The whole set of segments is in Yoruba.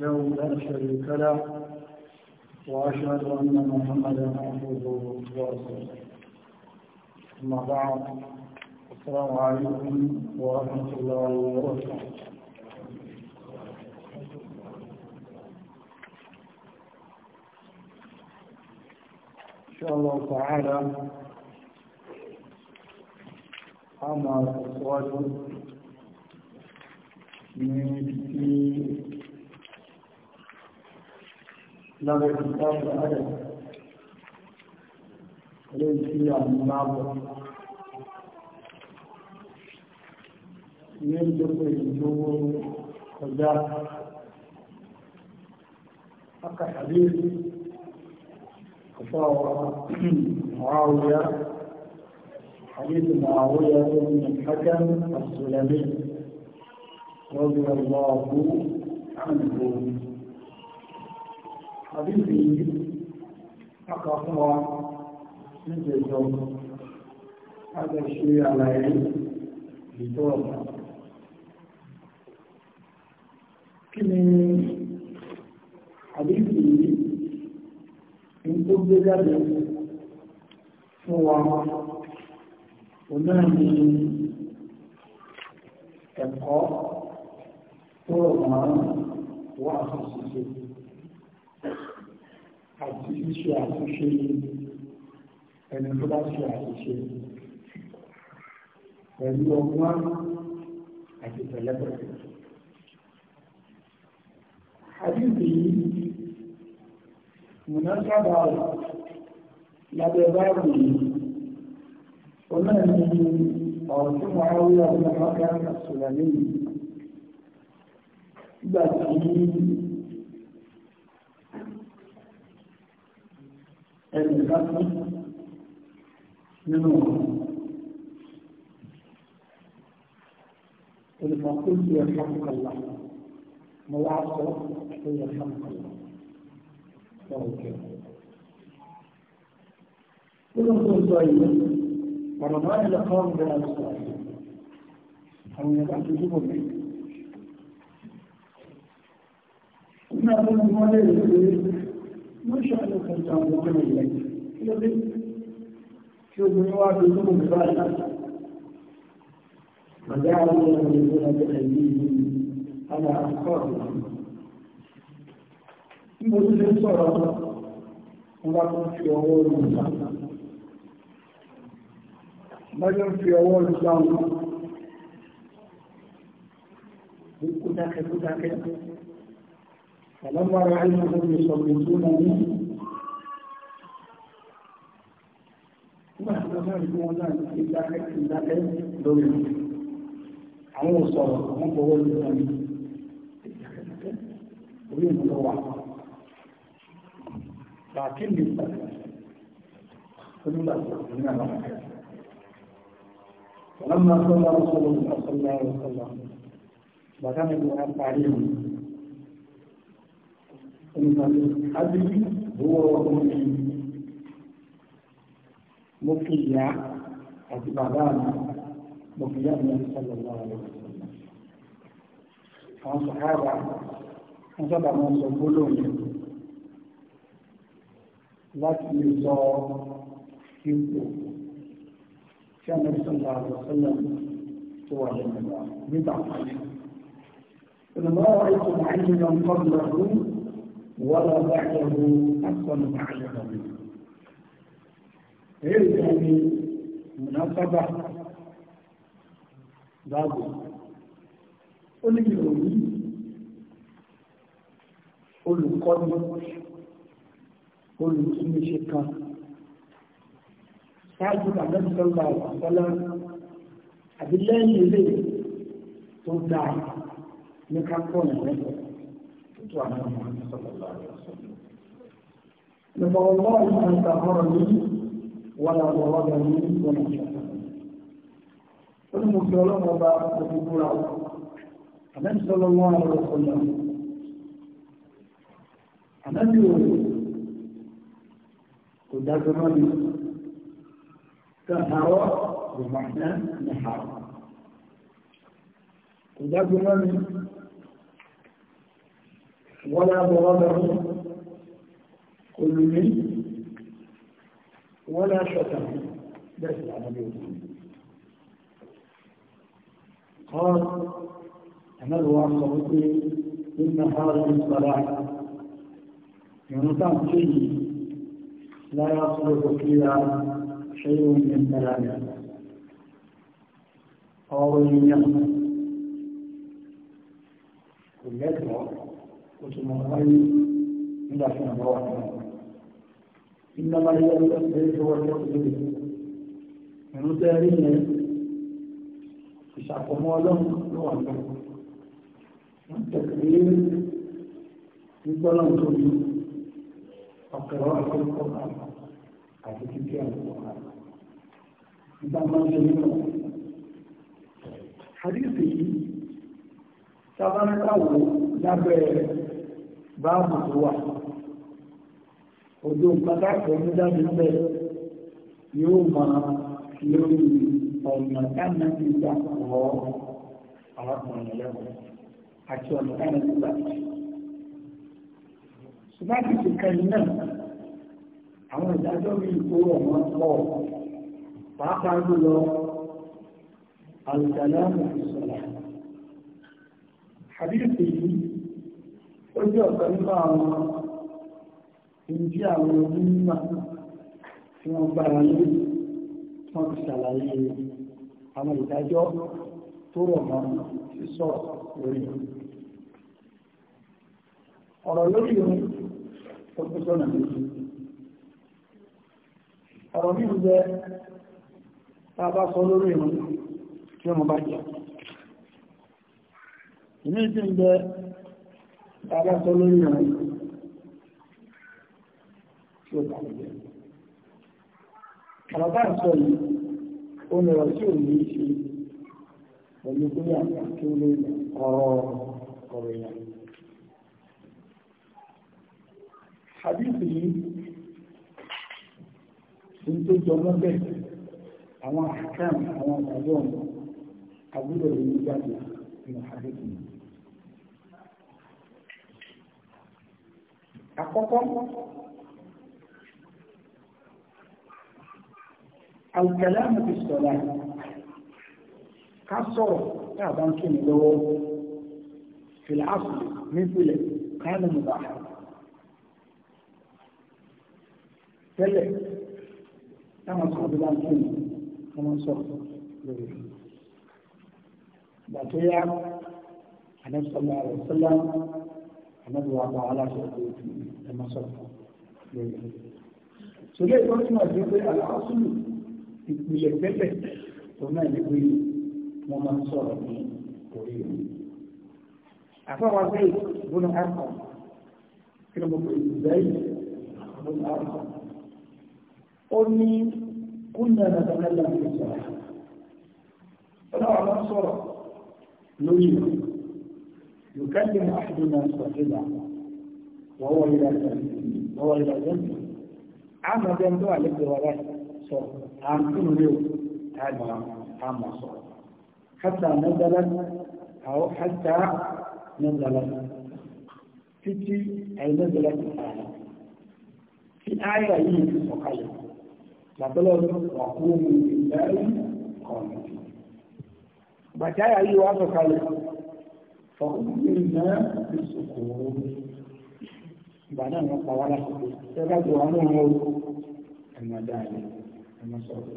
له لا شريك له وأشهد أن محمدا عبده ورسوله أما بعد السلام عليكم ورحمة الله وبركاته إن شاء الله تعالى أما الأسواج من لا يستطيع أبدا وليس فيها مناظر ينطق الجمهور وذاك حق حديث قصاوة معاوية حديث معاوية بن الحكم السلمي رضي الله عنه àdínkù yìí káka fún wa níjẹjọ láti ṣe àlàyé ìtọ́ ọ̀tá kí ni àdínkù yìí ń tó gbé jáde fún wa òun ni ẹ̀kọ́ tó rọ̀ mọ́ wà fún àti ṣíṣe àtúnṣe ẹni tó bá ṣe àtúnṣe pẹ̀lú ọgbọ́n àti pẹ̀lẹ́pẹ̀lẹ́. Àdìsí yìí, Mùnásábà lábẹ́ báàbù yìí, onáàmì ọ̀rọ̀ tí wọ́n á rí ọdún ọmọdé àti àṣùlẹ̀ lẹ́yìn. Nígbà tí ẹni ìbáfẹ́ nínú olùfàkóso ẹ̀fọn kọlá mo wá sọ pé ẹ̀fọn kọlá lọ́wọ́ kẹ́ Nínú tó sọ yìí, ọ̀rọ̀ máa ń lọ kọ́ ń bẹ̀rẹ̀ sọ yìí. Àwọn ìyàbá tó dúró mi. Nínú àwọn ọmọ ilé ìwé ما شأنك أن تعبدون إليك إلى بيت شوف من يوافقكم بباشا فجعلوا يضربون بأيديهم على أفكارهم Ìgbòdó lè sọ̀rọ̀ wọn bá tún fi ọwọ́ olùsọ àwọn. Bọ́jọ́ ń fi ọwọ́ olùsọ àwọn. Ó kú dákẹ́ kú dákẹ́. فلما رأيتهم يصلونني àwọn òṣòro àwọn bọ̀wọ́ ìlú náà ní orí ìlú wà láti lè pàdé onígbàtí ní àwọn akẹ́kẹ́ ọ̀nà máa sọ́lá ọ̀sọ̀lọ́ ọ̀sọ̀lọ́ ọ̀sọ̀lọ́ bàtà mẹ́gbẹ̀rẹ̀ parí ìlú إن أبي هو أمي مقيا أتبعنا مقيا النبي صلى الله عليه وسلم àwọn sọ̀hábà wọ́n sábà máa sọ gbólóhùn láti lè sọ ipò tí a mẹ́rin sọ́lá àlọ́sọ́lẹ̀ tó wà lẹ́nu nígbà pàdé. Ìrùmọ́ ọ̀rọ̀ ìtùmọ̀ àìyíká ń kọ́ lọ́rùn ولا بعده أصلا معلقا هذه مناسبة باب olùyòrí olùkọ́ni olùtúnṣe kan ṣáájú àdájúsọ́lá àwọ̀sọ́lá àbílẹ́yìn ilé tó dáa ní kápọ̀ ìrẹ́pọ̀ tó àwọn ọmọ ní sọ́lọ́lá rẹ̀ sọ́lọ́. Lọ́pọ̀ ọlọ́ ìgbàgbà ọ̀rọ̀ mi wà láwọ̀ ọ̀rọ̀ mi lọ́nà ìṣẹ̀lẹ̀. Ó ní mo fi ọlọ́run ọba òkú búra ọ̀. Àmẹ́ni sọ́lọ́ wọn àrọ̀ sọ́lọ́. Àmẹ́ni ò kò dájọ́ mọ́ mi. Kàhárọ̀ bùmọ̀ náà ní àrọ̀. Kò dájọ́ mọ́ mi. ولا ضربه كل ولا شتمه بس العربي قال أنا الواقع إن هذا الصلاة ينطق فيه لا يصلح فيها شيء من كلامه قوي يمنع كلته وتمام غير إلا في أمواتنا إنما هي التسبيح والتقدير من تاريخ ìṣàkọmọ́ ọlọ́run ló wà lọ wọ́n tẹ̀lé gbígbọ́lọ́n tó ní ọ̀pẹ̀rọ akọ́kọ́ àti kíkẹ́ àkọ́kọ́ nígbà máa ń ṣe nínú àdíṣe báàbù tó wà ojú pátákó ní dájú bẹ́ẹ̀ yóò máa lórí ọ̀nà táwọn ti gbà wọ́ arákùnrin lẹ́wọ̀n àti ọ̀nà táwọn ti gbà. ṣùgbọ́n àti ìkànnì náà àwọn ìdájọ́ mi kó ọ̀wọ́n pọ̀ pàápàá jùlọ àlùkàlà àmì ìṣọ̀lá. Hadith yìí ó jẹ́ ọ̀kan àwọn ìdí àwọn onímọ̀ tí wọ́n gbára lé wọ́n ti ṣàlàyé àwọn ìdájọ́ tó rọ̀ mọ́ sísọ lórí ọ̀rọ̀ lórí ohun tó tó sọ́nà méjì ọ̀rọ̀ bí ó jẹ́ tá bá sọ lórí ohun tí wọ́n bá jẹ́ ìmí ìdí ń jẹ́ tàbá sọ lórí ọ̀rọ̀ tí ó bá jẹ́. Ọ̀rọ̀ bá sọ yìí, ó ní ọ̀rọ̀ tí ò ní ṣe pẹ̀lú pé àti ó lè ọ̀rọ̀ ọ̀rọ̀ ìyàn. Àdìsí yìí, tí tó jọ mọ́bẹ̀, àwọn àkàkàn àwọn àjọ àgbúrò ìlú jáde nínú àdìsí yìí. àkọ́kọ́ àwùjọ́lá mi ti sọ̀rọ̀ ká sọ̀rọ̀ tá a bá ń kí mi lọ́wọ́ fìlàáfù nípìnlẹ̀ kánú mi bá tẹ́lẹ̀ táwọn sọ̀rọ̀ bá ń kí mi wọ́n sọ̀rọ̀ àmọ́bí wa pa aláṣẹ tó ti ẹ máa sọ̀rọ̀ lórí ẹ̀. sọlẹ́ ìtọ́ tí wọ́n ti pé aláṣùlù ìpìlẹ̀ tẹ́lẹ̀ tó náà ní pé wọ́n máa ń sọ̀rọ̀ ní orí ẹ̀. àfọwọ́ bẹ́ẹ̀ bọ́nà àkọ́ kí ló mọ̀ pé ìgbẹ́yìn bọ́nà àkọ́. ó ní kúnlẹ̀ nàdàlẹ́ làwọn ìṣẹ̀lẹ̀. ọlọ́run sọ̀rọ̀ lórí ẹ̀. يكلم أحدنا صاحبه وهو إلى جنبه وهو إلى جنبه عما جنبه على الدورات صوت عام كل يوم عام عام صوت حتى نزلت أو حتى نزلت تتي أي نزلت الآية في آية هي في الصحيح لابد وقوموا بالله قانتين بتاعي أيوة صحيح fọkùnrinlá ìsòkò ìgbà náà wọn pa wá lásìkò tẹ́lá tó wà náà wọn ẹ̀mọ̀ dáadé ẹ̀mọ̀ sọ̀rọ̀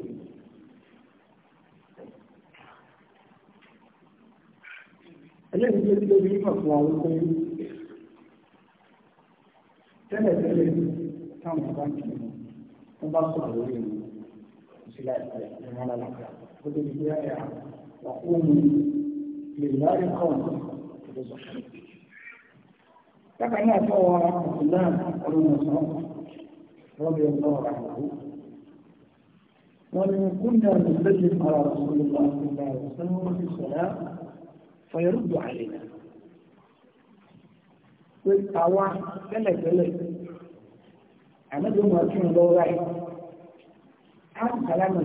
eléyìí tó ti lórí nípa fún àwọn ọkọ yìí tẹ́lẹ̀ tẹ́lẹ̀ táwọn bá ń kí wọn bá sọ̀rọ̀ lórí wọn kò sí láì pẹ́ ẹ̀rọ alága kó tó di pé àyà wà kó mu lè láyé kọ́ ọ̀nà. كما يقول رحمة الله عليه وسلم رضي الله عنه ومن كنا نسلم على رسول الله صلى الله عليه وسلم في الصلاة فيرد علينا فالطوع كلا كلا أنا دوما كنا دوراي أنا كلاما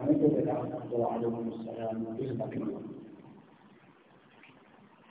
عن كنت أدعو الله عليه وسلم في الصلاة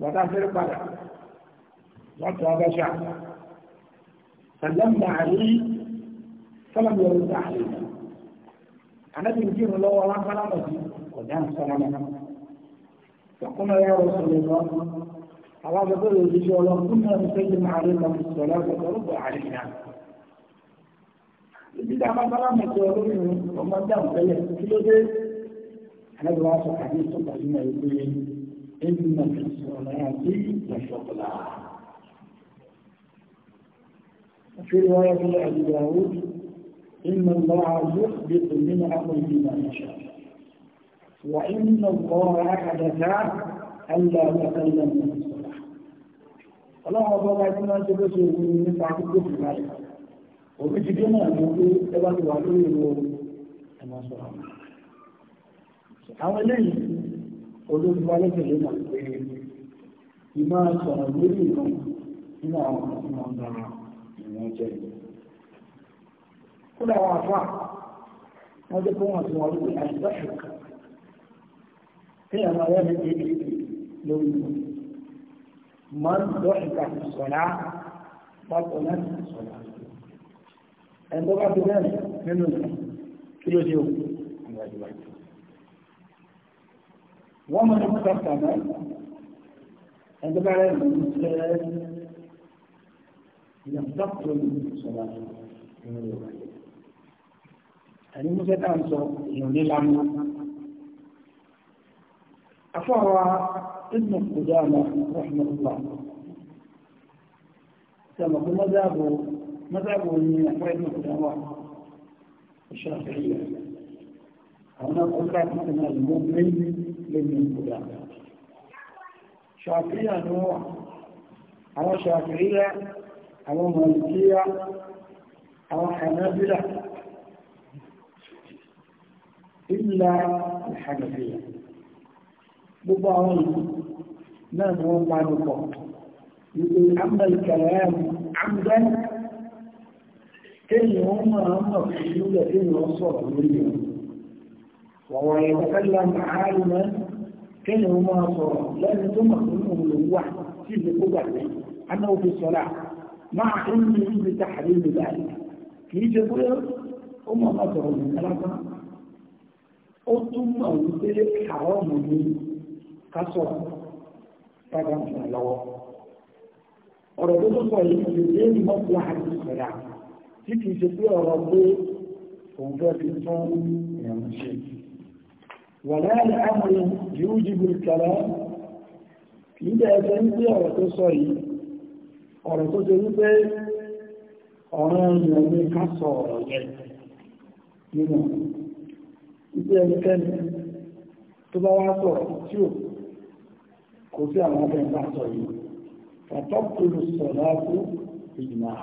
bàtà fẹ́rẹ́ padà láti abáṣà sàlámà àrí sálàmù ẹ̀rọ ta àrí anábì ń kírun lọ́wọ́ alákàlámà sí ọ̀dà ń sálàmà sọkúnmọ́ ya rọ̀ sọ̀rọ̀ lọ àwọn akẹ́kọ̀ọ́ yóò fi ṣe ọlọ́kùn náà ń sẹ́yìn máa rí lọ sọ̀rọ̀ lọ́sọ̀rọ̀ bọ̀ àrí náà ibi tá a máa sára mọ̀ sí olórí ọmọ dáhùn tẹ́lẹ̀ kí ló dé anábì wa sọ àdéhùn tó gbàdúrà yìí إن في الصلاة لشغلا وفي رواية أبي داود إن الله يحدث من أمره ما يشاء وإن الله أحدث ألا يتكلم من الصلاة ọlọ́run ọba ọba ẹgbẹ́ máa ń ṣe bó ṣe wù ú nípa àkókò ìgbà rẹ̀ òbí ti dé náà ní pé ẹ bá ti wà lórí ìwọ ẹ máa sọ̀rọ̀ àwọn eléyìí olóògbé lẹ́gbẹ̀lẹ́ náà pé ìmọ̀ sọ̀rọ̀ lórí ìkan nínú àwọn ọmọ tí wọ́n dára ìwọ̀n jẹ́ kó dà wọ́n àfà wọ́n jẹ́ pé wọ́n ti wọ́n lórí àìsíṣẹ́ kí àwọn ọ̀rẹ́ mi kéde lórí ìwọ̀n máa ń dọ́ṣìkà sọ̀rá pápọ̀ láti sọ̀rá ẹ̀ńdọ́gbàgbẹ́ nínú kí ló dé òkú ومن اقتسم عندما يبتكر صلاة يعني أن يموت أنت يوني العمى أفرى ابن قدامة رحمة الله كما قلنا ذهبوا ما ذهبوا من أفرى ابن الشافعية أنا أقول لك أن المؤمن لمن قدامه شافعية نوع أو شافعية أو مالكية أو حنابلة إلا الحنفية بباون ما هو ما يقول أما الكلام عمدا كل يوم أما في يوم الرسول وهو يتكلم عالما kẹ́yìn ó máa sọ̀rọ̀ tó mọ̀ wà kó gbàgbé anáwó fi sọ́lá máa ń ní ibi a lè lè kì í ṣe pé ó mọ̀ máa sọ̀rọ̀ lòun lásán ó tún mọ̀ wípé àwọn ọmọ mi ká sọ̀rọ̀ bàbá mi lọ́wọ́ ọ̀rọ̀ tó tó sọ yìí ní àti ìṣẹ̀dá tí kì í ṣe pé ọ̀rọ̀ pé òun fẹ́ fi tún ولا لأمر يوجب الكلام nígbà ẹgbẹ́ ń pé ọ̀rọ̀ tó sọ tó sọ ẹnikẹ́ni tó bá wá sọ̀rọ̀ tí kò sí àwọn ọmọ sọ yìí fàtọ́kùlù sọ̀rọ̀ fún ìgbìmọ̀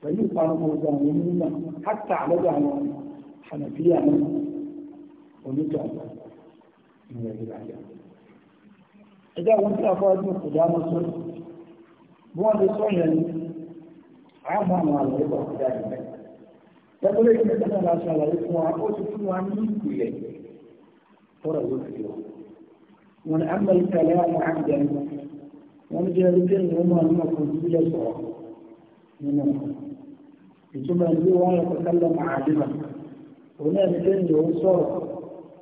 pẹ̀lú ìpanu gbogbo àwọn onímọ̀ hátà àwọn náà oníjàmbá ìrìn àjò àjà. ẹjọ́ àwọn tí a fọ́ ọdún kò dá mọ́ sọ́ọ́ bí wọ́n ti sọ yẹn ni àmọ́ àwọn àlọ́ ìwà kò dá ìrìn Tẹ́gbọ́lé ìpínlẹ̀ tẹ́lá la ṣàlàyé fún wa, ó ti fún wa ní ìpìlẹ̀ tọ́rọ̀ ló fi wà. Wọ́n ní àmàlì kàlẹ́ àwọn àgbẹ̀ wọ́n jẹ́ ẹgbẹ́ ìwọ̀n máa ní ọkọ̀ ìbílẹ̀ sọ̀rọ̀ nínú ìtumọ̀ sọ̀rọ̀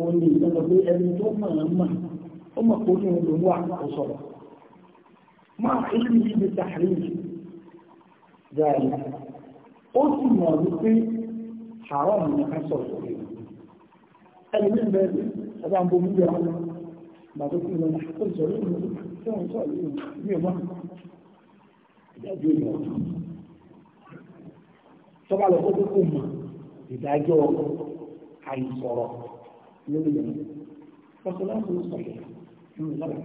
òun lè sọ pé ẹni tó mọ̀ ọ́n mọ̀ ó mọ̀ pé ní òun wà ó sọ̀rọ̀ máa ilé yìí lè tààrí dáadáa ó sì mọ̀ wípé àwọn ènìyàn kan sọ̀rọ̀ pé ẹni ní ìbẹ̀rẹ̀ ẹ̀dá ń bomi jẹ́ ọmọ bàbá tó lọ ó sọ̀rọ̀ ìlú tí wọ́n sọ̀rọ̀ ìlú ní ọmọ ìdájọ́ ìlú kó tó kó mọ̀ ìdájọ́ àìsọ̀rọ̀ lórí ẹ̀ fọ́sọ́láńtò sọ̀rọ̀ nínú lọ́wọ́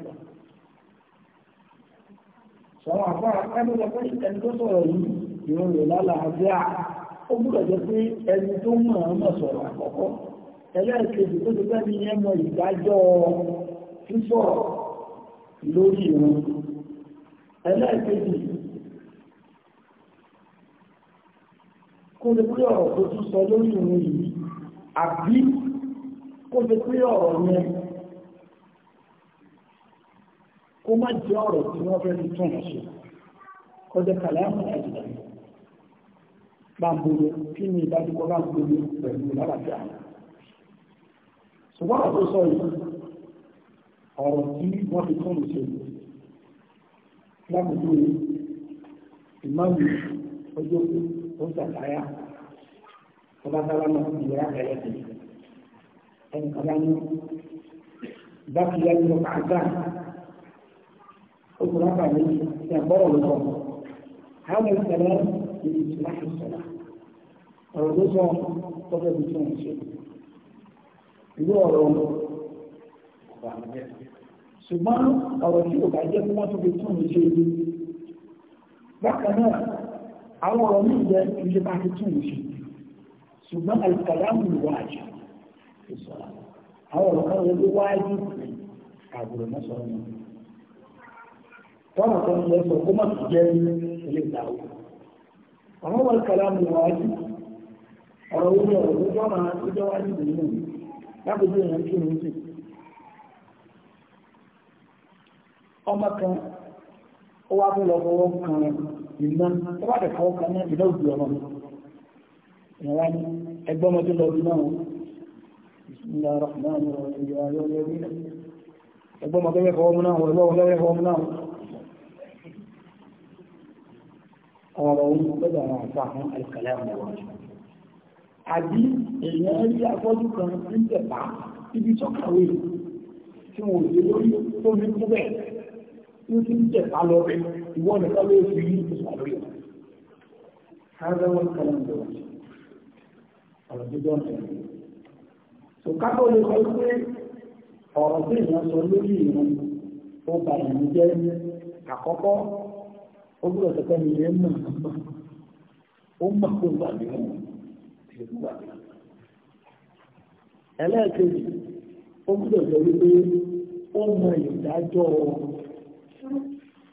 sọ̀rọ̀ àfọ́ àkádọ́gbà pé ẹni tó sọ̀rọ̀ yìí ìwọ̀n rẹ̀ lálàáfíà ó gbúdọ̀ jẹ́ pé ẹni tó mọ̀ ọ́n mọ̀ sọ̀rọ̀ àkọ́kọ́ ẹlẹ́ẹ̀kejì tó ti fẹ́ ní yẹn mọ ìdájọ́ sísọ̀rọ̀ lórí ìrun ẹlẹ́ẹ̀kejì kó lè pé ọ̀rọ̀ tó tún sọ lórí ìrun yìí àbí kó ti pé ọ̀rọ̀ yẹn kó má jẹ́ ọ̀rọ̀ tí wọ́n fẹ́ fi tún ọ̀ṣẹ́ kọjá kàlámù àjùdá bá ń bolo kí ni ìdájúkọ bá ń bolo pẹ̀lú lálàáfíà ṣùgbọ́n àwọn tó sọ yìí ọ̀rọ̀ tí wọ́n fi tún ọ̀ṣẹ́ lábùdó ìmáàmù ọjọ́ ó ń sàkáyà ọba tálámà ìyá ẹlẹ́dẹ̀ẹ́ ẹnìkan bá ní bákì yá nínú kàgbà ogun rábà méjì ní àgbọ̀rọ̀ lọ́wọ́ àwọn ìṣẹ̀lẹ̀ ìlú ìṣẹ̀lẹ̀ ìṣẹ̀lẹ̀ ọ̀rọ̀ ló sọ tọ́jọ́ bí tí wọ́n ṣe ìlú ọ̀rọ̀ ṣùgbọ́n ọ̀rọ̀ tí ò bá jẹ́ kí wọ́n tún fi tún ṣe bákan náà àwọn ọ̀rọ̀ ní ìjẹ́ ìjọba fi tún ṣe ṣùgbọ́n àìsàlámù ìwà àjẹ́ fi àwọn ọ̀rọ̀ kan wáyé àbúrò tọ́nà tó ń lọ sọ kó má jẹ́ ilé ìdáwó. àwọn بسم الله الرحمن الرحيم يا أيها الذين ẹgbọ́n ma gẹ́gẹ́ fọwọ́ múná wọ́n lọ́wọ́ lọ́wọ́ fọwọ́ múná àwọn ọ̀rọ̀ orí pẹ́lú àwọn àfà àwọn alìkàlẹ̀ àwọn ọ̀rọ̀ àbí èèyàn rí afọ́jú kan ń tẹ̀pá ibi tọ́kàwé tí wọ́n lè lórí tó ní kú bẹ́ẹ̀ tó kápẹ́ olè sọ pé ọ̀rọ̀ tí ìran sọ lórí ìran ó bà ìlú jẹ́ àkọ́kọ́ ó gbọ́dọ̀ sọ pé mi lè mọ̀ ó mọ̀ pé wà ní wọn ti wà ní ẹlẹ́ẹ̀kejì ó gbọ́dọ̀ sọ wípé ó mọ ìdájọ́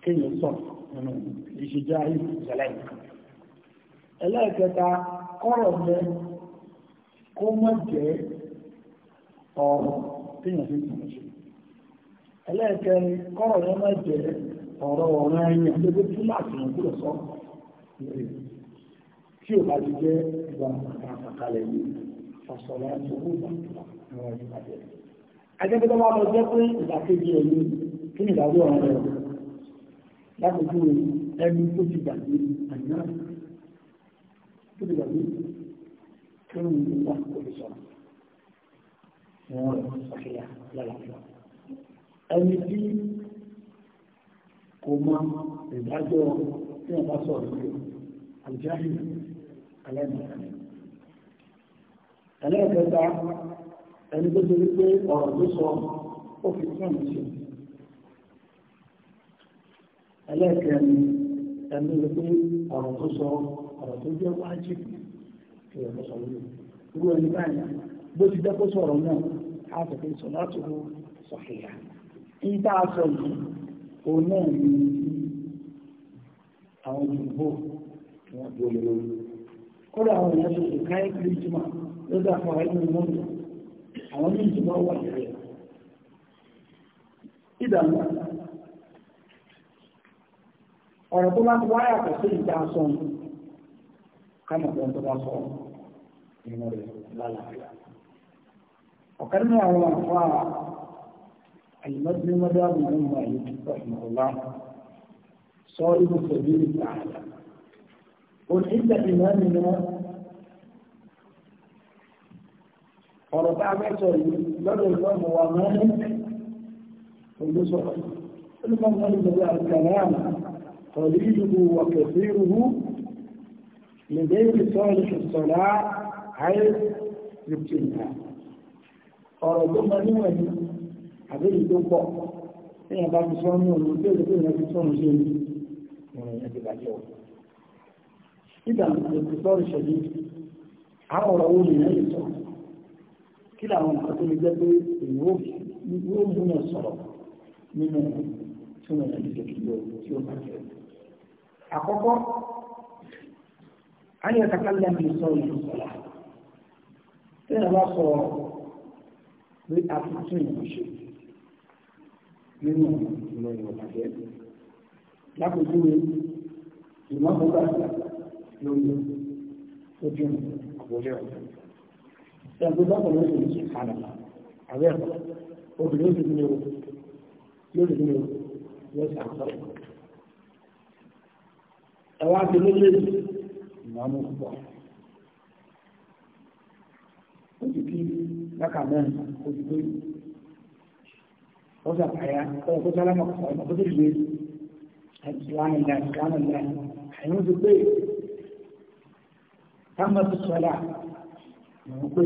kéèyàn sọ nínú ìṣèjá ìṣẹ̀lẹ̀ ẹlẹ́ẹ̀kẹta kọ́rọ̀ jẹ kó má jẹ́ ọ̀rọ̀ kọ́rọ̀ yẹn má jẹ ọ̀rọ̀ ọ̀rọ̀ ẹ̀yìn àgbègbè tí láti yàn kúrò sọ ìrè tí ò bá ti jẹ́ ìgbà àkàkalẹ̀ yìí fàṣọlá ìṣòro ìgbà àwọn lọ jẹ́ pé ìdàkejì ẹ̀yìn kí ni ìdàgbé ọ̀rọ̀ rẹ̀ lákòókò ẹni tó ti gbàgbé àyíná tó ti gbàgbé kí ni ìgbà kò lè sọ̀rọ̀ ni wọ́n rẹ̀ lálàáfíà. ẹni tí kò mọ ìdájọ́ tí wọ́n bá sọ̀rọ̀ lórí àlùjáde alẹ́nìkanì. ẹlẹ́ẹ̀kẹta ẹni tó ṣe wípé ọ̀rọ̀ tó sọ ó fi fún mi sí. ẹlẹ́ẹ̀kẹrin ẹni tó pé ọ̀rọ̀ tó sọ ọ̀rọ̀ tó jẹ́ wájú ìrọ̀lọ́sọ̀rọ̀ lórí. irú ẹni báyìí bó ti sọ̀rọ̀ náà a sọ láti wo sọ̀kìyà ní tá a sọ yìí òun náà ní àwọn òyìnbó tí wọ́n gbọ́ lórí kódà àwọn èèyàn ṣe kò káyé kiri jùmọ̀ lọ́dọ̀ àwọn ní ìjùmọ̀ wà lẹ́rẹ̀ ìdààmú ọ̀rọ̀ tó máa ń wáyà kò sí ìta sọ̀rọ̀ وقرنا على الأخوة المدن مدى من يجب رحمه الله صاحب سبيل تعالى قل إن إمامنا فرطع بحثه بل الله هو مالك كل صحيح الإمام مالك بدأ الكلام قليله وكثيره لديه صالح الصلاة حيث يبتلها ọ̀rọ̀ tó mọ níwọ̀n ni àbẹ́lẹ̀ tó pọ̀ lẹ́yìn bá ti sọ ní òun tó lè tó yẹn ti sọ òun ṣe ní ìrìn àti ìbàjẹ́ o. Ìgbà ètò sọ́ọ̀rọ̀ ìṣẹ̀lẹ̀ àwọn ọ̀rọ̀ wo nìyẹn lè sọ. Kí làwọn nǹkan tó lè jẹ́ pé èyí ó mú yẹn sọ̀rọ̀ nínú tí wọ́n yẹn ti ṣe kí yóò tí ó bàjẹ́. Àkọ́kọ́, ayé kàkà lẹ́nu sọ̀rọ̀ ìṣọ̀lá. Tẹ́lẹ̀ bá pé a ti tún ìlú ṣe nínú ìlú ìwọ̀nàjẹ́. Lápòjú mi, ìmọ̀ ọ̀gá lórí ojú àwọlé ọ̀gá. Ṣẹ̀gbọ́n bá kọ̀ọ̀lọ́ sí ìṣe kánà, àwẹ̀ ẹ̀kọ́, obìnrin ti ní o, yóò ní o, yóò sì àkọ́. Ẹ̀wá ti méjèèjì, ìmọ̀ ọmọ púpọ̀. Ó ti kí láka mẹ́rin ojú pé ó sàpáyà ọ̀rọ̀ tó sálámà tó sì gbé náà ìsìlámì náà àìyún ti pé táwọn ti sọ́lá ìwọ̀n pé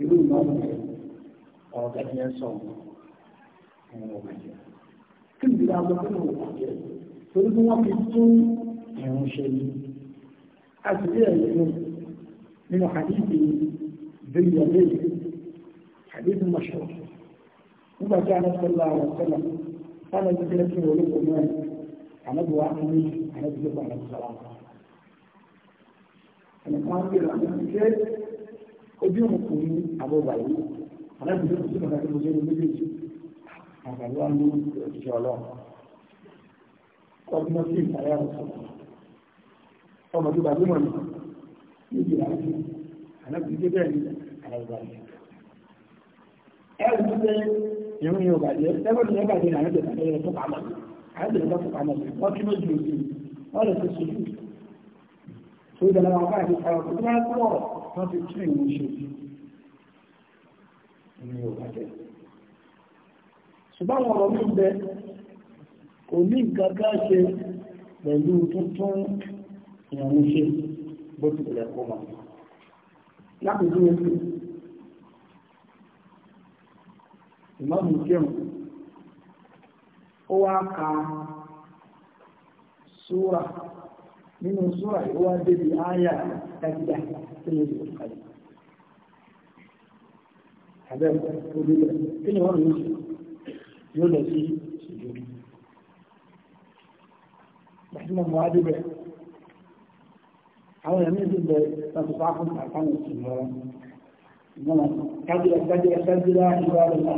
irú ìmọ̀ọ́mù ọ̀rọ̀ kẹ́kẹ́ yẹn sọ ìwọ̀n òkàjẹ́ kí ni ìdílé àwọn ọmọ òkàjẹ́ torí bí wọ́n fi tún ìrún ṣe ni a sì rí ẹ̀yìn من حديث ذي يديه حديث مشهور وما كان صلى الله عليه وسلم قال في ولد مالك عن ابو عمي عن ابو عليه السلام انا قام بي عن الكيد وبيومكم ابو بعيد انا بيوم سبحان الله بيوم بيجي هذا الله ان شاء الله قد نسيت يا رسول الله وما تبعدون عنه níbi ìlànà ànábì jẹ́ bẹ́ẹ̀ ụba ṣùgbọ́n àwọn bó ti tilẹ̀ kó mọ̀. Lápòjú mi sí, ìmọ̀mù kírun, ó wá ka súra nínú súra yìí ó wá débi áyà ẹgbẹ́ tí mo sì kàlẹ̀. Àbẹ́ òbílẹ̀ kí ni wọ́n lò sí? Yóò lọ sí ìṣèjú. Bàtí mo mọ adébẹ̀ àwọn ẹ̀mí ti bẹ láti bá fún àtàwọn òsì lọ ìmọ̀nà kájúra kájúra kájúra ìwà rẹ̀ náà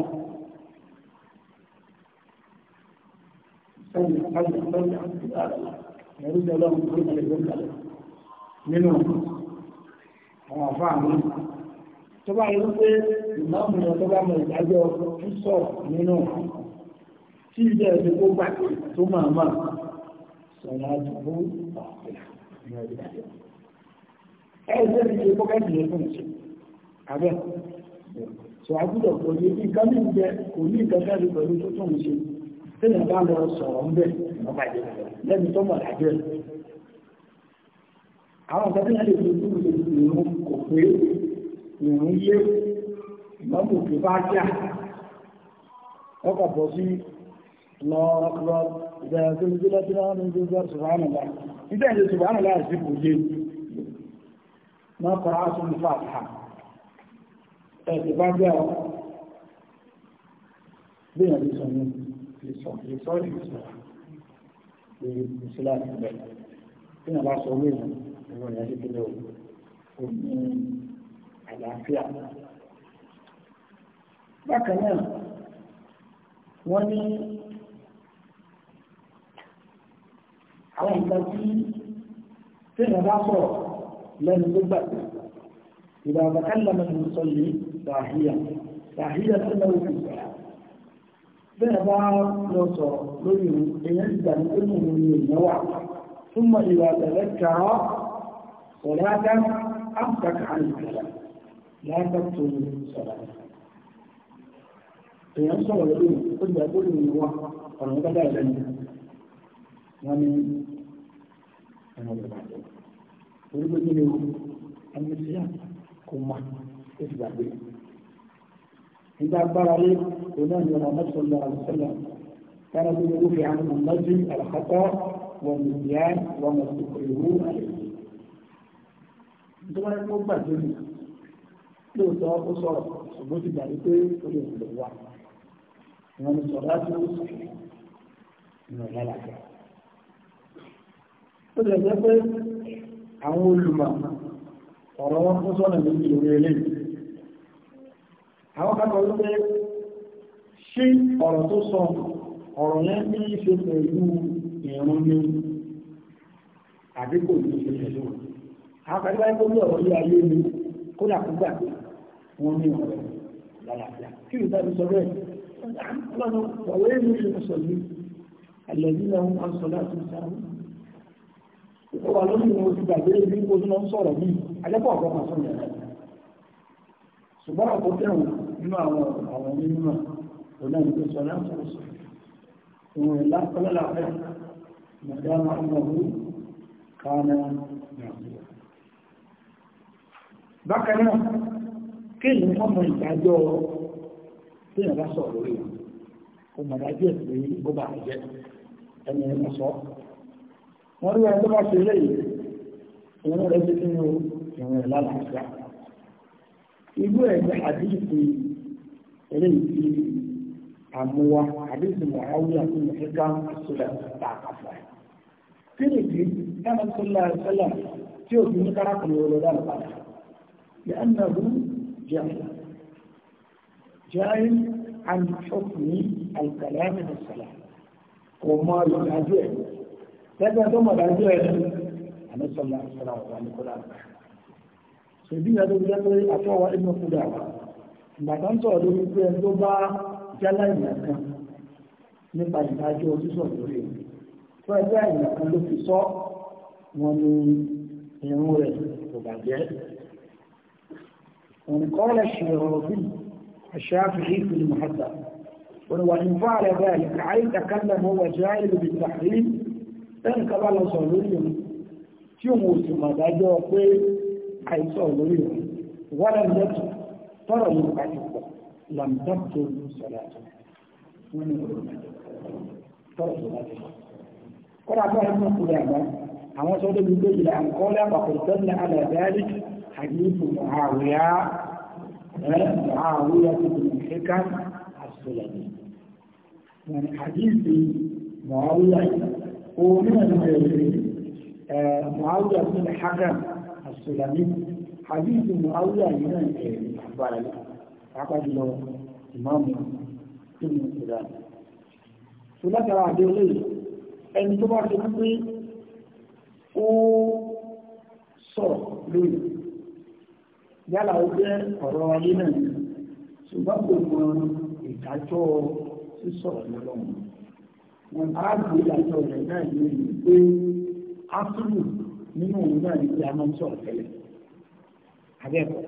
kájúra kájúra kájúra ìwà rẹ̀ náà ẹ̀rú jẹ́ lọ́wọ́ tó ń tẹ̀lé gbẹ́kẹ̀lẹ̀ nínú àwọn àfáà mi tó bá yẹ pé ìmọ̀ọ́mù yẹn tó bá mọ ìdájọ́ ń sọ nínú tí ilé ẹ̀sìn tó gbà tó máa máa sọ̀rọ̀ àdúgbò ọ̀pẹ̀lá ní ọdún ẹgbẹ́ ti ṣe pọ́kẹ́tì yẹn fún ìṣe abẹ́ sọ kò ní bí nǹkan ní ìjẹ kò ní nǹkan jáde pẹ̀lú tó tún ìṣe tẹ́lẹ̀ bá lọ sọ̀rọ̀ ń bẹ̀ ọ̀bàjẹ́ lẹ́nu tó mọ̀ lájẹ́ àwọn tí wọ́n lè fi dúró lè fi ìrún kò pé ìrún yé ìmọ̀mù kì bá ọkọ̀ bọ̀ sí lọ ìbẹ̀rẹ̀ tó ń gbé ní gbogbo ما قرأت الفاتحة اعتبار جاء بين الإسلامين في صالح الإسلام في الإسلام البيت بين العصومين هو يجب اليوم ومن العافية bákan náà wọ́n ní àwọn nǹkan tí téèyàn bá sọ̀rọ̀ لن تبقى إذا تكلم المصلي داحيا داحيا سنو في الصلاة ذهب لو صار لو ينزل أمه من النوع ثم إذا تذكر صلاة أمسك عن الكلام لا تبطل الصلاة èèyàn sọ̀rọ̀ lórí ìpínlẹ̀ tó من wá ọ̀rọ̀ nígbàdá ìlẹ́nu wọn ni torí pé kí ni o ẹni sí à kò mà ó ti gbàgbé nígbà agbára lé òun náà ni ọmọ mẹsàn-án lọ àlùsọ́lá kára tó ní irúfẹ́ àwọn ọmọdé àlàkọ́kọ́ wọn ní ìyá wọn mọ̀ sí ìrú àlè. nítorí wọn kó gbàgbé mi lóòótọ́ ó sọ̀rọ̀ ṣùgbọ́n ti gbàgbé pé ó lè wùlọ̀ wá wọn ní sọ̀rọ̀ láti ó sì ìrànlọ́lá. ó lè jẹ́ pé àwọn olùmọ̀ ọ̀rọ̀ wọn fún sọ́nà méjì lórí eléyìí àwọn kàkọ̀ wípé ṣé ọ̀rọ̀ tó sọ ọ̀rọ̀ yẹn ní í ṣe pẹ̀lú ìrún ní àbí kò ní ṣe pẹ̀lú àwọn kàkọ̀ wípé kó ní ọ̀rọ̀ yí ayé ni kó dà wọn ní ọ̀rọ̀ lálàáfíà kí ni tábí sọ bẹ́ẹ̀ ọlọ́run wọ̀wé ní àlẹ́yìn náà ń sọ láti sáà ó wà lórí ìwọ̀n oṣù gbàgbé ibi oṣù náà ń sọ̀rọ̀ yìí ajẹ́pọ̀ ọ̀gọ́ máa sọ̀rọ̀ yẹn ṣùgbọ́n àpò kẹrùn nínú àwọn àwọn onímọ̀ ọ̀nà ìgbé sọ náà sọ̀rọ̀ sọ òun ìlà kọlọ́lá fẹ́ mọ̀dá máa ń wọ̀n kánà nàìjíríà bákan náà kéèyàn ọmọ ìdájọ́ téèyàn bá sọ̀rọ̀ rẹ̀ ó mọ̀dájọ́ ìpè bó bá jẹ́ ẹni ẹ̀mọ́ sọ̀rọ̀ wọ́n rí ẹni tó bá ṣe léyìí ìrún rẹ̀ ti nínú ìrún ẹ̀ lálàáfíà irú ẹ̀gbẹ́ àdíjìtì eléyìí ti àmúwa àdíjìtì mọ̀háwí àti mọ̀híkà àṣìlẹ̀ tààkàfà kí ni ìdí ẹ̀mọ́ tó lọ ẹ̀sẹ̀lẹ̀ tí òbí ní kárákùnrin olódà lọ́pàá yẹ ẹ̀nà rú jẹ́ جاهل عن حكم الكلام والسلام وما يحاجه lẹ́gbẹ̀ẹ́ tó mọ̀ dájú ẹ̀ àmẹ́sọ̀lá ìṣẹ́lá ọ̀rọ̀ àmìkọ́lá ṣe bí ìyá tó jẹ́ pé àtọ́wà inú kúrò àwọn ìgbàgbà ń sọ̀rọ̀ lórí pé ẹni tó bá jálá ìyà kan nípa ìdájọ́ ojúṣọ̀ lórí ẹ̀ tó ẹgbẹ́ ìyà kan ló fi sọ wọn ni irun rẹ̀ kò bàjẹ́ òǹkọ́ rẹ̀ ṣe ọ̀rọ̀ bí الشافعي في المحدث وإن فعل ذلك عين تكلم هو جاهل بالتحريم lẹ́yìn ká bá lọ sọ lórí òun tí òun ò sì màdájọ́ pé àìsọ lórí òun wọ́n lẹ́nu lẹ́tù tọ́rọ̀ yóò bá ti pọ̀ làmùdáàbò tó sọ̀rọ̀ àti wọn ní tọ́rọ̀ tó bá ti pọ̀. kọ́dà bá ẹni kú rẹ̀ àgbá àwọn sọ débi pé ìlà àkọọ́lẹ̀ àpapọ̀ tẹ́lẹ̀ alàdáyé àdéhùn àwòyá àwòyá tó kù ní kíkà ni àdéhùn mọ̀ọ́wúyà yìí ومن المعلمين معاوية بن الحكم السلمي حديث معاوية من الأخبار عقد له إمام ابن السلام ثلاثة عدوية أن تبع تقضي ó sọ̀rọ̀ lórí yálà ó jẹ́ ọ̀rọ̀ ayé náà ṣùgbọ́n gbogbo ìdájọ́ sísọ̀rọ̀ lọ́wọ́ wọn bá gbé ìdájọ́ rẹ̀ náà yóò yí pé áfúrù nínú òun náà ní pé a máa ń sọ̀rọ̀ tẹ́lẹ̀ abẹ́ẹ̀kọ́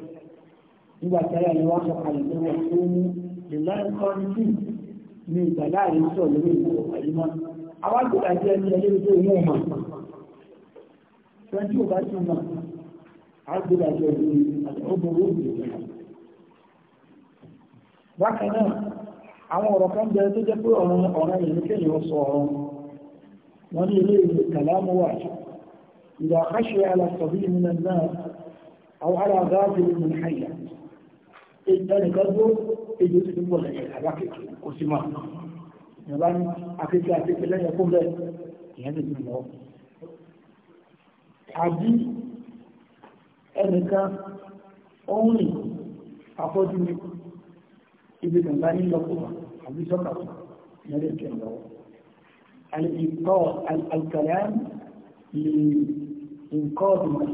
nígbà tẹ́lẹ̀ ni wọ́n sọ kalẹ̀ pé wọ́n tó mú ìlànà kọ́ni tí ní ìgbà láàrin sọ̀rọ̀ lórí ìwọ̀ àyímọ́ àwọn àgbàdà ẹni ẹlẹ́rìí tó wọ́n mọ̀ twenty over two months àgbàdà jẹ́ ẹni ọgbọ̀n ó bẹ̀rẹ̀ bákan náà àwọn ọ̀rọ̀ kan bẹ tó jẹ́ pé ọ̀rọ̀ ọ̀rọ̀ ìrìnkẹ́yìn ó sọ ọ̀rọ̀ wọ́n ní ilé ìlú kàlámù wà إذا خشي على الصبي من الناس أو على غافل من حية ẹni kan tó èdè tó ń bọ̀ lẹ́yìn àbákẹ́kẹ́ kò sí máa yẹn bá ní akẹ́kẹ́ akẹ́kẹ́ lẹ́yìn fún bẹ́ẹ̀ ìyẹn lè fi lọ. àbí ẹnìkan ó ń rìn afọ́jú ibi kànga ní lọ́kùnrin àbí sọ́kà lórí ìkẹ́ lọ́wọ́. Àlìkọ́ àlìkàlám lè nǹkọ́ ọ̀dùnmọ̀.